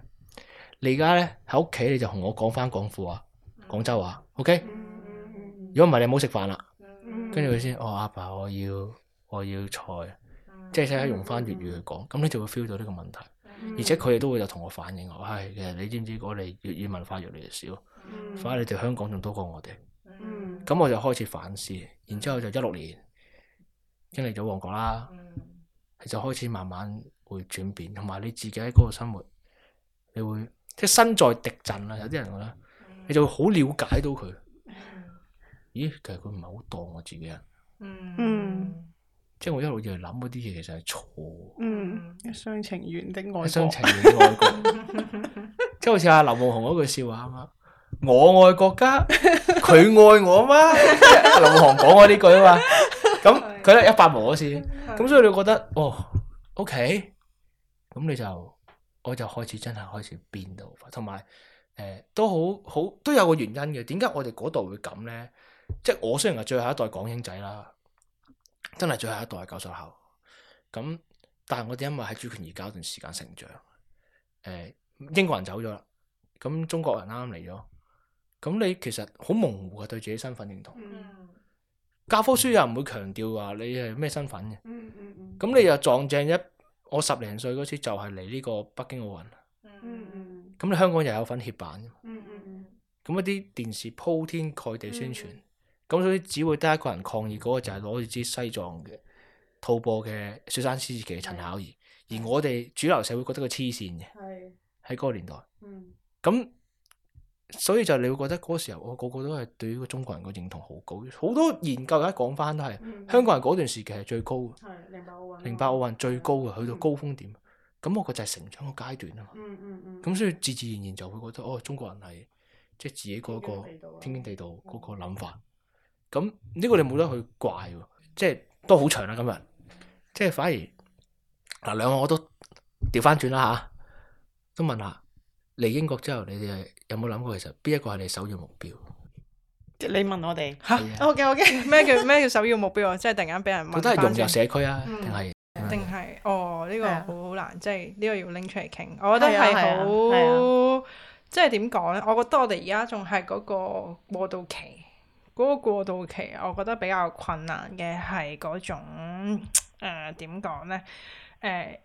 B: 你而家咧喺屋企你就同我講翻廣府話、廣州話。OK，如果唔係你唔好食飯啦。
D: 跟住佢
B: 先，我阿爸我要我要菜。即係用翻粵語去講，咁你就會 feel 到呢個問題，而且佢哋都會有同我反映，我係、哎、其實你知唔知我哋粵語文化越嚟越少，嗯、反而你哋香港仲多過我哋。咁、嗯、我就開始反思，然之後就一六年經歷咗旺角啦，嗯、就開始慢慢會轉變，同埋你自己喺嗰個生活，你會即係身在敵陣啦，有啲人咧，你就會好了解到佢。咦？其實佢唔係好當我自己人。嗯。嗯。即係我一路在諗嗰啲嘢，其實係錯。嗯，
C: 一廂情願的愛，一廂情
B: 願的愛國。即係好似阿林慕雄嗰句笑話啊嘛，我愛國家，佢愛我嗎？ *laughs* 林慕雄講過呢句啊嘛，咁佢係一發毛我線。咁 *laughs* 所以你覺得，哦，OK，咁你就我就開始真係開始變到，同埋誒都好好都有個原因嘅。點解我哋嗰度會咁咧？即係我雖然係最後一代港英仔啦。真係最後一代九十後，咁但係我哋因為喺主權移交一段時間成長，誒、欸、英國人走咗啦，咁中國人啱啱嚟咗，咁你其實好模糊嘅對自己身份認同，教科書又唔會強調話你係咩身份嘅，咁你又撞正一我十零歲嗰時就係嚟呢個北京奧運，咁你香港又有份協辦，咁一啲電視鋪天蓋地宣傳。咁所以只會得一個人抗議，嗰個就係攞住支西藏嘅吐蕃嘅雪山獅子旗嘅陳巧儀，而我哋主流社會覺得佢黐線嘅，喺嗰個年代。咁所以就你會覺得嗰時候，我個個都係對於個中國人個認同好高，好多研究而家講翻都係香港人嗰段時期係最高嘅。係，零
D: 八奧
B: 運，零八奧運最高嘅，去到高峰點。咁我個就係成長嘅階段啊嘛。嗯，咁所以自自然然就會覺得哦，中國人係即係自己嗰個天經地道嗰個諗法。咁呢個你冇得去怪，即係都好長啦，啊。今日即係反而嗱，兩個我都調翻轉啦吓，都問下嚟英國之後，你哋有冇諗過，其實邊一個係你首要目標？
A: 你問我哋吓，OK OK。咩叫咩叫，叫首要目標？即係突然間俾人問，佢都係融入社
B: 區啊，嗯、定係
A: 定係？哦，呢、這個好難，即係呢個要拎出嚟傾。我覺得係好，即係點講咧？我覺得我哋而家仲係嗰個過渡期。.嗰個過渡期，我覺得比較困難嘅係嗰種，誒，點講呢？誒，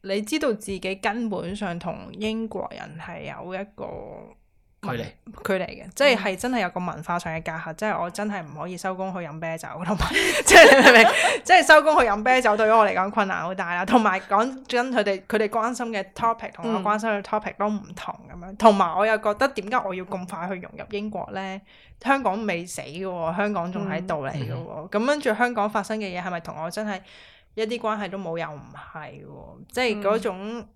A: 你知道自己根本上同英國人係有一個距離，距離嘅，即係係真係有個文化上嘅隔閡，嗯、即係我真係唔可以收工去飲啤酒，同埋 *laughs* 即係明唔明？ *laughs* 即係收工去飲啤酒，對於我嚟講困難好大啦。同埋講跟佢哋，佢哋關心嘅 topic 同我關心嘅 topic 都唔同咁樣。同埋、嗯、我又覺得，點解我要咁快去融入英國呢？香港未死嘅，香港仲喺度嚟嘅，咁跟住香港發生嘅嘢係咪同我真係一啲關係都冇？又唔係，即係嗰種。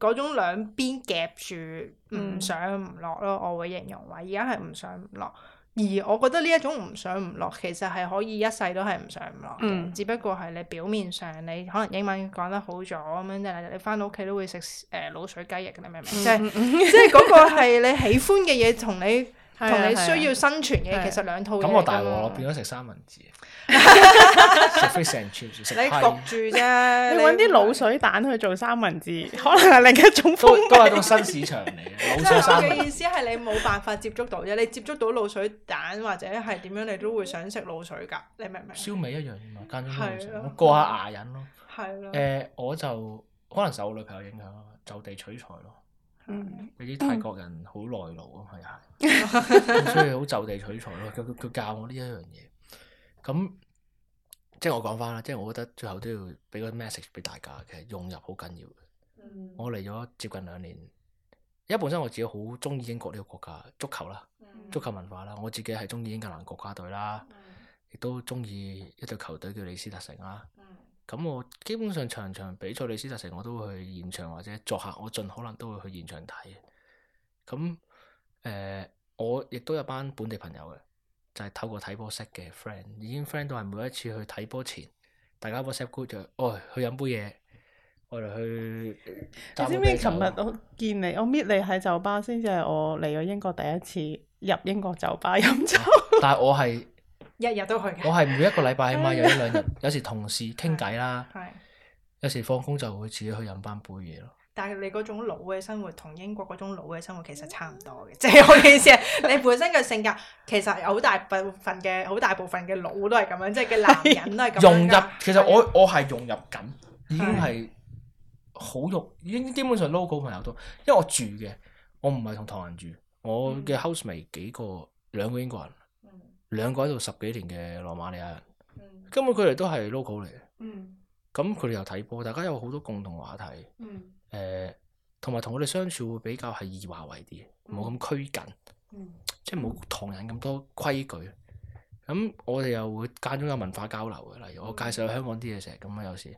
A: 嗰種兩邊夾住唔上唔落咯，嗯、我會形容話，而家係唔上唔落。而我覺得呢一種唔上唔落，其實係可以一世都係唔上唔落、嗯、只不過係你表面上你可能英文講得好咗咁樣，即係你翻到屋企都
B: 會食誒滷水雞翼咁樣，你明唔明？
A: 即係即係嗰個係你喜歡嘅嘢同你。
B: 同你需要
C: 生存嘅其實兩套
A: 嘢。咁我
B: 大鑊，我變咗食三文治，食飛扇、穿住食批焗住
C: 啫。你揾啲鹵水蛋去做三文治，
B: 可能係另一種風味都係一種新市場嚟。鹵水蛋嘅意
A: 思係你冇辦法接觸到啫，你接觸到鹵水蛋或者係點樣，你都會想食鹵水㗎。你明唔明？
B: 燒味一樣㗎嘛，間中都食過下牙癮咯。
D: 係啦。誒，
B: 我就可能受我女朋友影響咯，就地取材咯。嗯，啲泰國人好耐勞啊，係啊， *laughs* 所以好就地取材咯。佢佢教我呢一樣嘢，咁即係我講翻啦，即係我，我覺得最後都要俾個 message 俾大家，嘅，其實融入好緊要嘅。嗯、我嚟咗接近兩年，因為本身我自己好中意英國呢個國家足球啦，嗯、足球文化啦，我自己係中意英格蘭國家隊啦，亦、嗯、都中意一隊球隊叫李斯特城啦。咁我基本上場場比賽，李斯特城我都會去現場或者作客，我盡可能都會去現場睇。咁誒、呃，我亦都有班本地朋友嘅，就係、是、透過睇波識嘅 friend，已經 friend 到係每一次去睇波前，大家個 set group 就，哦、哎，去飲杯嘢，我哋去。你知唔知？琴日我
C: 見你，我 meet 你喺酒吧，先至係我嚟咗英國第一次入英國酒吧飲酒。 *laughs* 啊、
B: 但係我係。
C: 日日都去。我
B: 係每一個禮拜起碼有一兩日，有時同事傾偈啦，有時放工就會自己去飲翻杯嘢咯。
A: 但係你嗰種老嘅生活，同英國嗰種老嘅生活其實差唔多嘅，即係我嘅意思係，你本身嘅性格其實好大部分嘅好大部分嘅老都係咁樣，即係嘅男人都
B: 係咁。融入其實我我係融入緊，已經係好融，已經基本上 local 朋友都，因為我住嘅我唔係同唐人住，我嘅 housemate 幾個兩個英國人。兩個喺度十幾年嘅羅馬尼亞人，嗯、根本佢哋都係 local 嚟嘅。咁佢哋又睇波，大家有好多共同話題。誒、嗯，同埋同我哋相處會比較係易話為啲，冇咁、嗯、拘謹，嗯、即係冇唐人咁多規矩。咁、嗯嗯、我哋又會間中有文化交流嘅，例如我介紹香港啲嘢食，咁啊，有時誒、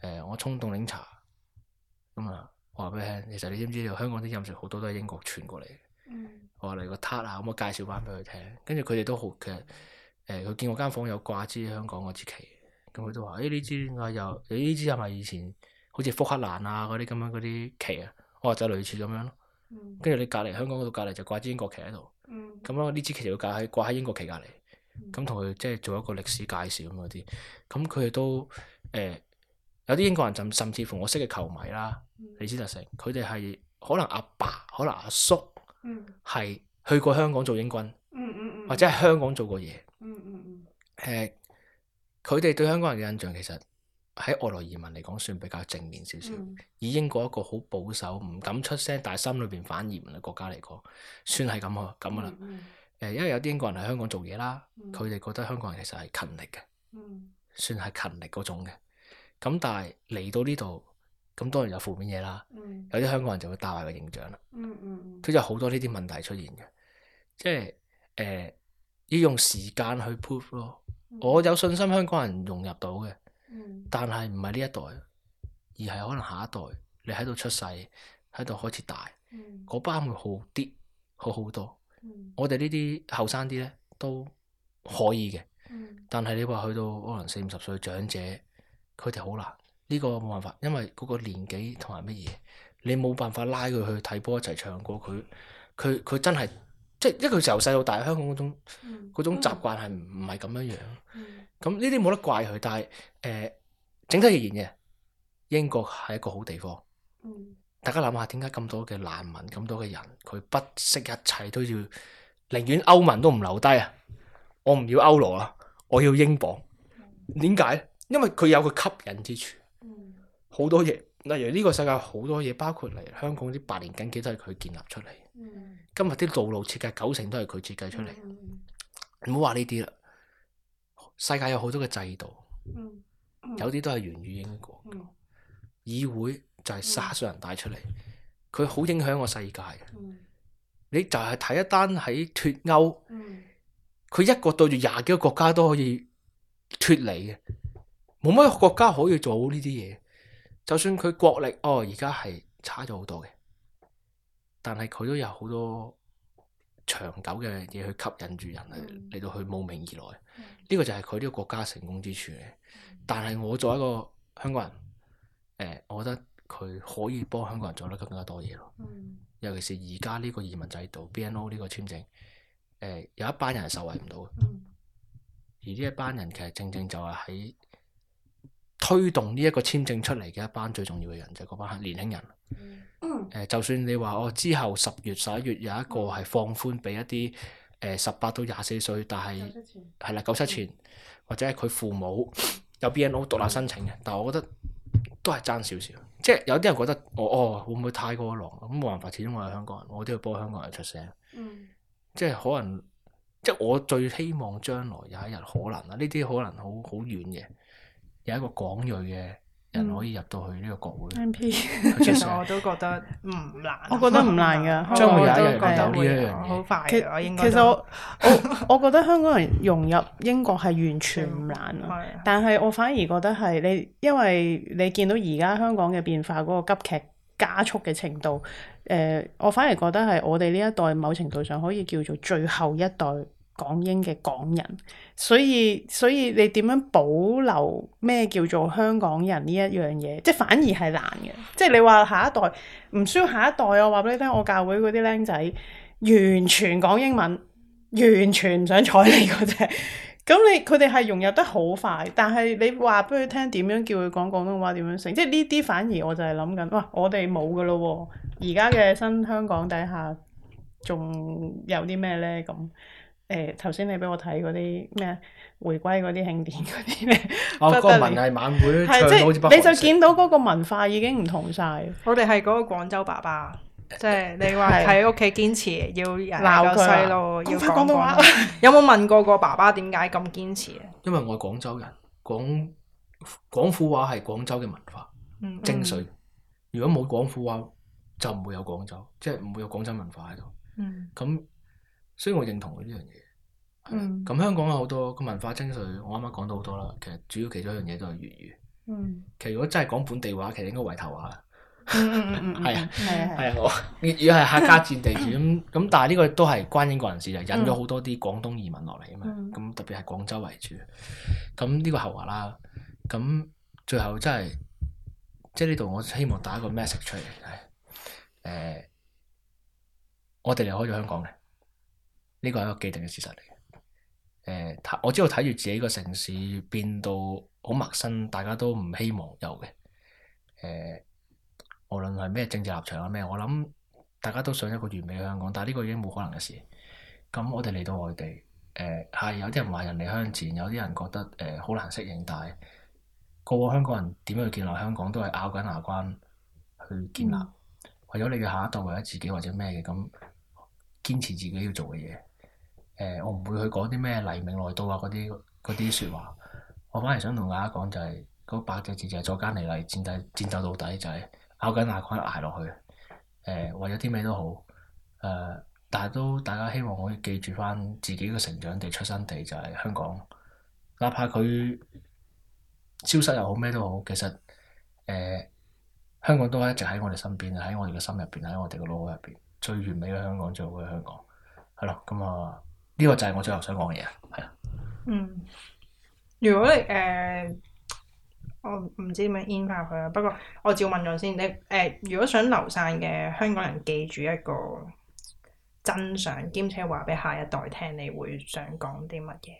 B: 呃、我沖凍檸茶咁啊，話俾你聽。其實你知唔知道香港啲飲食好多都係英國傳過嚟？嗯、我話嚟個塔啊，咁我介紹翻俾佢聽，跟住佢哋都好嘅。誒，佢、呃、見我間房有掛支香港嗰支旗，咁佢都話，誒呢支應該有，誒呢支係咪以前好似福克蘭啊嗰啲咁樣嗰啲旗啊？我話就類似咁樣咯。跟住你隔籬香港嗰度隔籬就掛支英國旗喺度，咁咯呢支旗就掛喺掛喺英國旗隔籬，咁同佢即係做一個歷史介紹咁嗰啲。咁佢哋都誒、呃、有啲英國人就，就甚至乎我識嘅球迷啦，嗯、李斯特城，佢哋係可能阿爸，爸，可能阿叔，叔。嗯，係去過香港做英軍，嗯嗯嗯，嗯嗯或者係香港做過嘢、嗯，嗯嗯嗯，誒、呃，佢哋對香港人嘅印象其實喺外來移民嚟講算比較正面少少，嗯、以英國一個好保守、唔敢出聲，但係心裏邊反移民嘅國家嚟講，算係咁咯，咁啊啦，誒、嗯，因為有啲英國人喺香港做嘢啦，佢哋、嗯、覺得香港人其實係勤力嘅，嗯，算係勤力嗰種嘅，咁但係嚟到呢度。咁當然有負面嘢啦，嗯、有啲香港人就會帶壞個形象啦，都、嗯嗯、有好多呢啲問題出現嘅，即係誒、呃、要用時間去 prove 咯。嗯、我有信心香港人融入到嘅，但係唔係呢一代，而係可能下一代你，你喺度出世，喺度開始大，嗰、嗯、班會好啲，好好多。嗯、我哋呢啲後生啲咧都可以嘅，嗯、但係你話去到可能四五十歲長者，佢哋好難。呢個冇辦法，因為嗰個年紀同埋乜嘢，你冇辦法拉佢去睇波一齊唱歌。佢佢佢真係即係，因為佢由細到大，香港嗰種嗰、嗯、種習慣係唔係咁樣樣。咁呢啲冇得怪佢，但係誒、呃、整體而言嘅英國係一個好地方。嗯、大家諗下點解咁多嘅難民、咁多嘅人，佢不惜一切都要，寧願歐盟都唔留低啊！我唔要歐羅啦，我要英鎊。點解？因為佢有個吸引之處。好多嘢，例如呢個世界好多嘢，包括嚟香港啲百年根基都係佢建立出嚟。
D: 嗯、
B: 今日啲道路，路設計九成都係佢設計出嚟。唔好話呢啲啦，世界有好多嘅制度，嗯嗯、有啲都係源自英國。嗯、議會就係沙遜人帶出嚟，佢好影響個世界嘅。嗯、你就係睇一單喺脫歐，佢、嗯、一個對住廿幾個國家都可以脫離嘅，冇乜國家可以做好呢啲嘢。就算佢國力哦而家係差咗好多嘅，但係佢都有好多長久嘅嘢去吸引住人嚟、嗯、到去慕名而來，呢、嗯、個就係佢呢個國家成功之處、嗯、但係我作為一個香港人，呃、我覺得佢可以幫香港人做得更加多嘢咯。嗯、尤其是而家呢個移民制度 BNO 呢個簽證，呃、有一班人係受惠唔到嘅，嗯嗯、而呢一班人其實正正就係喺。推動呢一個簽證出嚟嘅一班最重要嘅人就係嗰班年輕人。嗯、呃，就算你話我、哦、之後十月十一月有一個係放寬俾一啲誒十八到廿四歲，但係係啦九七前，九七前或者係佢父母有 BNO 獨立申請嘅，嗯、但係我覺得都係爭少少。即係有啲人覺得我哦，哦，會唔會太過狼咁冇辦法？始終我係香港人，我都要幫香港人出聲、嗯。即係可能即係我最希望將來有一日可能啦，呢啲可能好好遠嘅。有一個港裔嘅人可以入到去呢個國會，MP、嗯
C: 就
A: 是、其實我都覺得唔難， *laughs* 我覺得唔難㗎，將會有一日能夠嘅，好快嘅，其實我
C: 我 *laughs* 我覺得香港人融入英國係完全唔難、嗯、但係我反而覺得係你，因為你見到而家香港嘅變化嗰個急劇加速嘅程度，誒、呃，我反而覺得係我哋呢一代某程度上可以叫做最後一代。港英嘅港人，所以所以你點樣保留咩叫做香港人呢一樣嘢？即係反而係難嘅。即係你話下一代唔需要下一代，我話俾你聽，我教會嗰啲僆仔完全講英文，完全唔想睬你嗰隻。咁你佢哋係融入得好快，但係你話俾佢聽點樣叫佢講廣東話，點樣成，即係呢啲反而我就係諗緊，哇！我哋冇㗎咯喎，而家嘅新香港底下仲有啲咩呢？咁。誒，頭先、欸、你俾我睇嗰啲咩？回歸嗰啲慶典嗰啲
B: 咩？哦，嗰個 *laughs* 理文藝晚會，係即係你就
C: 見到嗰個文化已經唔同晒。我哋係嗰個廣州爸爸， *laughs*
A: 即係你話喺屋企堅持要鬧佢細路，啊、要講廣東話。 *laughs* 有冇問過個爸爸點解咁堅持啊？
B: 因為我係廣州人，廣廣府話係廣州嘅文化嗯、嗯精髓。如果冇廣府話，就唔會有廣州，即係唔會有廣州文化喺度。嗯，咁、嗯。所以我認同佢呢樣嘢。咁、嗯、香港有好多個文化精髓，我啱啱講到好多啦。其實主要其中一樣嘢都係粵語。嗯、其實如果真係講本地話，其實應該圍頭話
D: 啦。係 *laughs* 啊、嗯，係、嗯、
B: 啊，係、嗯、啊，粵語係客家佔地主咁咁，但係呢個都係關英國人事，就引咗好多啲廣東移民落嚟啊嘛。咁、嗯嗯、特別係廣州為主。咁呢個後話啦。咁最後真係，即係呢度我希望打一個 message 出嚟係誒，我哋離開咗香港嘅。呢個係一個既定嘅事實嚟嘅。誒、呃，我知道睇住自己個城市變到好陌生，大家都唔希望有嘅。誒、呃，無論係咩政治立場啊咩，我諗大家都想一個完美嘅香港，但係呢個已經冇可能嘅事。咁我哋嚟到外地，誒係有啲人話人離鄉賤，有啲人，人，人覺得誒好、呃、難適應，但係個個香港人點樣去建立香港都係咬緊牙關去建立，為咗你嘅下一代，為咗自己或者咩嘅，咁堅持自己要做嘅嘢。誒、呃，我唔會去講啲咩黎明來到啊嗰啲嗰啲説話，我反而想同大家講就係嗰八隻字就係坐監嚟嚟戰鬥戰鬥到底，就係咬緊牙關捱落去。誒、呃，為咗啲咩都好，誒、呃，但係都大家希望可以記住翻自己嘅成長地、出生地就係香港，哪怕佢消失又好咩都好，其實誒、呃，香港都係一直喺我哋身邊，喺我哋嘅心入邊，喺我哋嘅腦入邊，最完美嘅香,香港，最好嘅香港，係咯，咁啊～呢個就係我最後想講
A: 嘅嘢，係啊。嗯，如果你、呃，我唔知點樣 input 佢啦。不過我照問咗先。你誒、呃，如果想留散嘅香港人記住一個真相，兼且話俾下一代聽，你會想講啲乜嘢？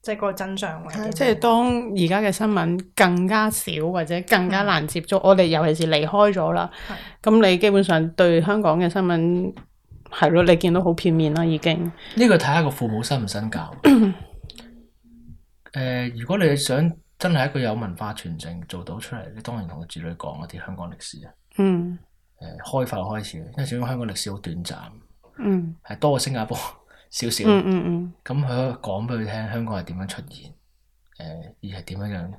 A: 即係個真相喎。即係
C: 當而家嘅新聞更加少，或者更加難接觸。我哋、嗯、尤其是離開咗啦，咁的你基本上對香港嘅新聞。係咯，你見到好片面啦，已 *noise* 經。
B: 呢、嗯、個睇下個父母新唔新教。誒、 *coughs* 呃，如果你想真係一個有文化傳承做到出嚟，你當然同個子女講一啲香港歷史啊。嗯。誒、呃，開發埠開始，因為始終香港歷史好短暫、嗯嗯。
D: 嗯。
B: 係多過新加坡少少。嗯嗯嗯。咁佢講俾佢聽，香港係點樣出現？誒、呃，而係點樣樣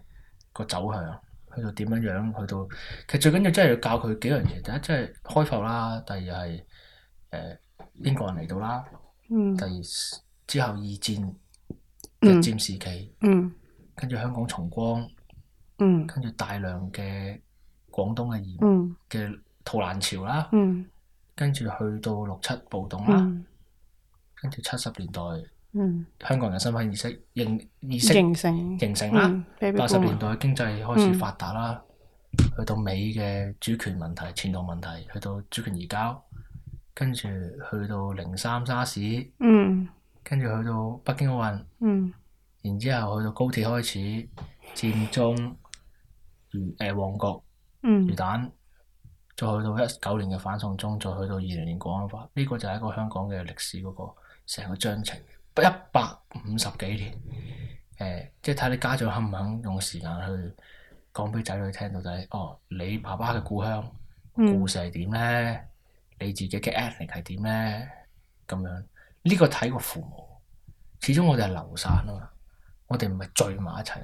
B: 個走向？去到點樣樣？去到其實最緊要真係要教佢幾樣嘢，第一真係、就是、開埠啦，第二係誒。呃英國人嚟到啦？嗯，第二之後二戰、一戰時期，嗯，跟住香港重光，嗯，跟住大量嘅廣東嘅移民嘅逃難潮啦，嗯，跟住去到六七暴動啦，跟住七十年代，
D: 嗯，
B: 香港人嘅身份意識形意識形成形成啦，
C: 八十年代
B: 經濟開始發達啦，去到美嘅主權問題、前途問題，去到主權移交。跟住去到零三沙士，嗯，跟住去到北京奧運，嗯，然之後去到高鐵開始，佔中魚誒、呃、旺角，嗯，魚蛋，再去到一九年嘅反送中，再去到二零年國安法，呢、這個就係一個香港嘅歷史嗰、那個成個章程，一百五十幾年，誒、呃，即係睇你家長肯唔肯用時間去講俾仔女聽到仔，哦，你爸爸嘅故鄉故事係點咧？嗯你自己嘅 ethnic 係點咧？咁樣呢樣、這個睇個父母，始終我哋係流散啊嘛，我哋唔係聚埋一齊，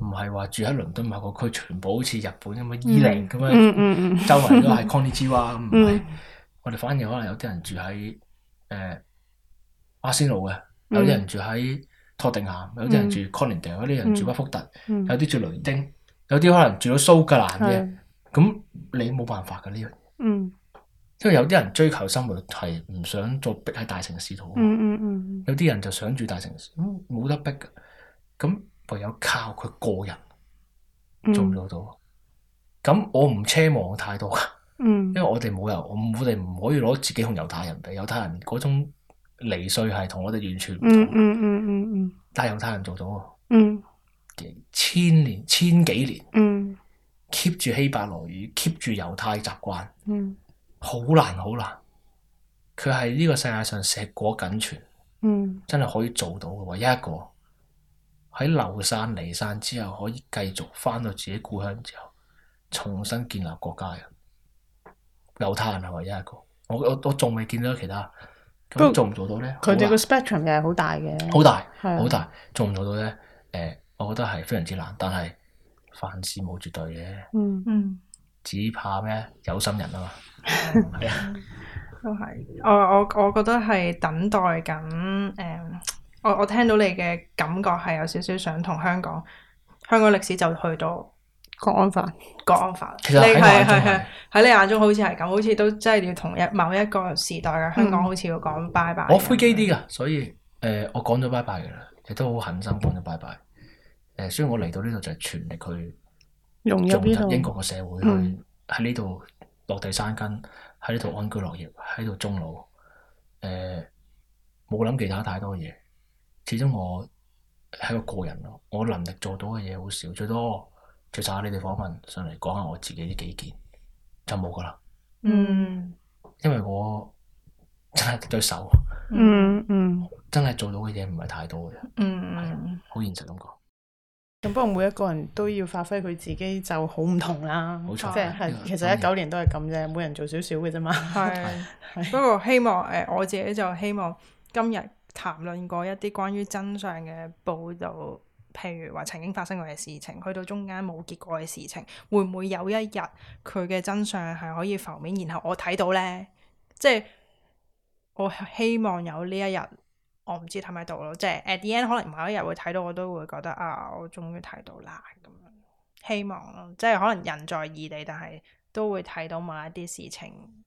B: 唔係話住喺倫敦某個區，全部好似日本咁啊，伊寧咁啊，mm, mm, 周圍都係 c o n n i e g s w 唔係，我哋反而可能有啲人住喺誒、呃、阿仙奴嘅，有啲人住喺托定咸，有啲人住 c o n n i e 有啲人住北福特，有啲住雷丁，有啲可能住咗蘇格蘭嘅，咁、mm, mm, 你冇辦法嘅呢樣嘢。因為有啲人追求生活係唔想再逼喺大城市度，有啲人就想住大城市，冇得逼㗎。咁唯有靠佢個人做唔做到。咁、嗯、我唔奢望太多，因為我哋冇理由，我我哋唔可以攞自己同猶太人比，猶太人嗰種離散係同我哋完全唔同。但係猶太人做到，嗯，千年千幾年，嗯，keep 住希伯來語，keep 住猶太習慣，嗯嗯好難,難，好難。佢係呢個世界上碩果僅存，嗯，真係可以做到嘅唯一一個喺流散離散之後，可以繼續返到自己故鄉之後，重新建立國家嘅，猶太人係唯一一個，我我我仲未見到其他，都做不做唔做到咧？佢哋個
C: spectrum 又係好大嘅，好大，係好的大，
B: 做唔做到咧？誒、呃，我覺得係非常之難，但係凡事冇絕對嘅、嗯，嗯嗯，只怕咩？有心人啊嘛。
A: 係啊、 *laughs* 嗯，都係，我我我覺得係等待緊，誒、嗯，我我聽到你嘅感覺係有少少想同香港，香港歷史就去到國安法，國安法，其實你係係係喺你眼中好似係咁，好似都真係要同一某一個時代嘅香港好拜拜、嗯，好似要講拜拜。我灰機
B: 啲噶，所以誒，我講咗拜拜噶啦，亦都好狠心講咗拜拜。誒，所以我嚟到呢度就係全力去
C: 融入英國嘅社會去、嗯，
B: 去喺呢度。落地生根喺呢度安居樂業，喺度終老，誒、呃，冇諗其他太多嘢。始終我係個個人，我能力做到嘅嘢好少，最多，接受下你哋訪問上嚟講下我自己啲幾件，就冇㗎喇。嗯，因為我真係對手。嗯嗯，真係做到嘅嘢唔係太多嘅。嗯，好、嗯嗯、現實咁講。
D: 咁
C: 不過每一個人都要發揮佢自己就好唔同啦，冇錯，即係其實一九年都係咁啫，嗯、每人做少少嘅啫嘛。
A: 不過希望誒、呃，
C: 我自己就希望
A: 今日談論過一啲關於真相嘅報道，譬如話曾經發生過嘅事情，去到中間冇結果嘅事情，會唔會有一日佢嘅真相係可以浮面，然後我睇到呢，即係我希望有呢一日。我唔知睇喺度咯，即係 at the end 可能某一日會睇到，我都會覺得啊，我終於睇到啦，咁樣希望咯，即係可能人在異地，但係都會睇到某一啲事情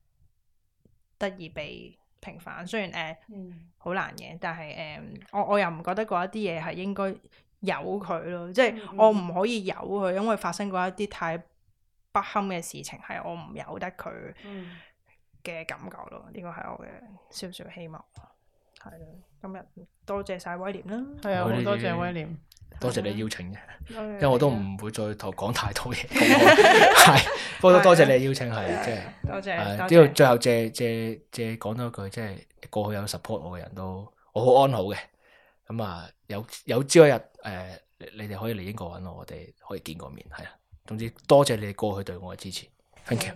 A: 得以被平反。雖然誒，好，欸嗯、難嘅，但係誒、嗯，我我又唔覺得嗰一啲嘢係應該由佢咯，即係我唔可以由佢，嗯、因為發生過一啲太不堪嘅事情，係我唔由得佢嘅感覺咯。呢個係我嘅少少希望，係咯，嗯。今日
B: 多謝晒威廉啦，係啊，好多謝威廉，多謝你邀請嘅，因為我都唔會再同講太多嘢，係，多多謝你邀請，係、 *laughs* 啊，即係，多謝，之後謝、啊、最後借借借講多一句，即係過去有 support 我嘅人都，我好安好嘅，咁、嗯、啊有有朝一日誒、呃，你哋可以嚟英國揾我，我哋可以見個面，係啊，總之多謝你哋過去對我嘅支持，thank you。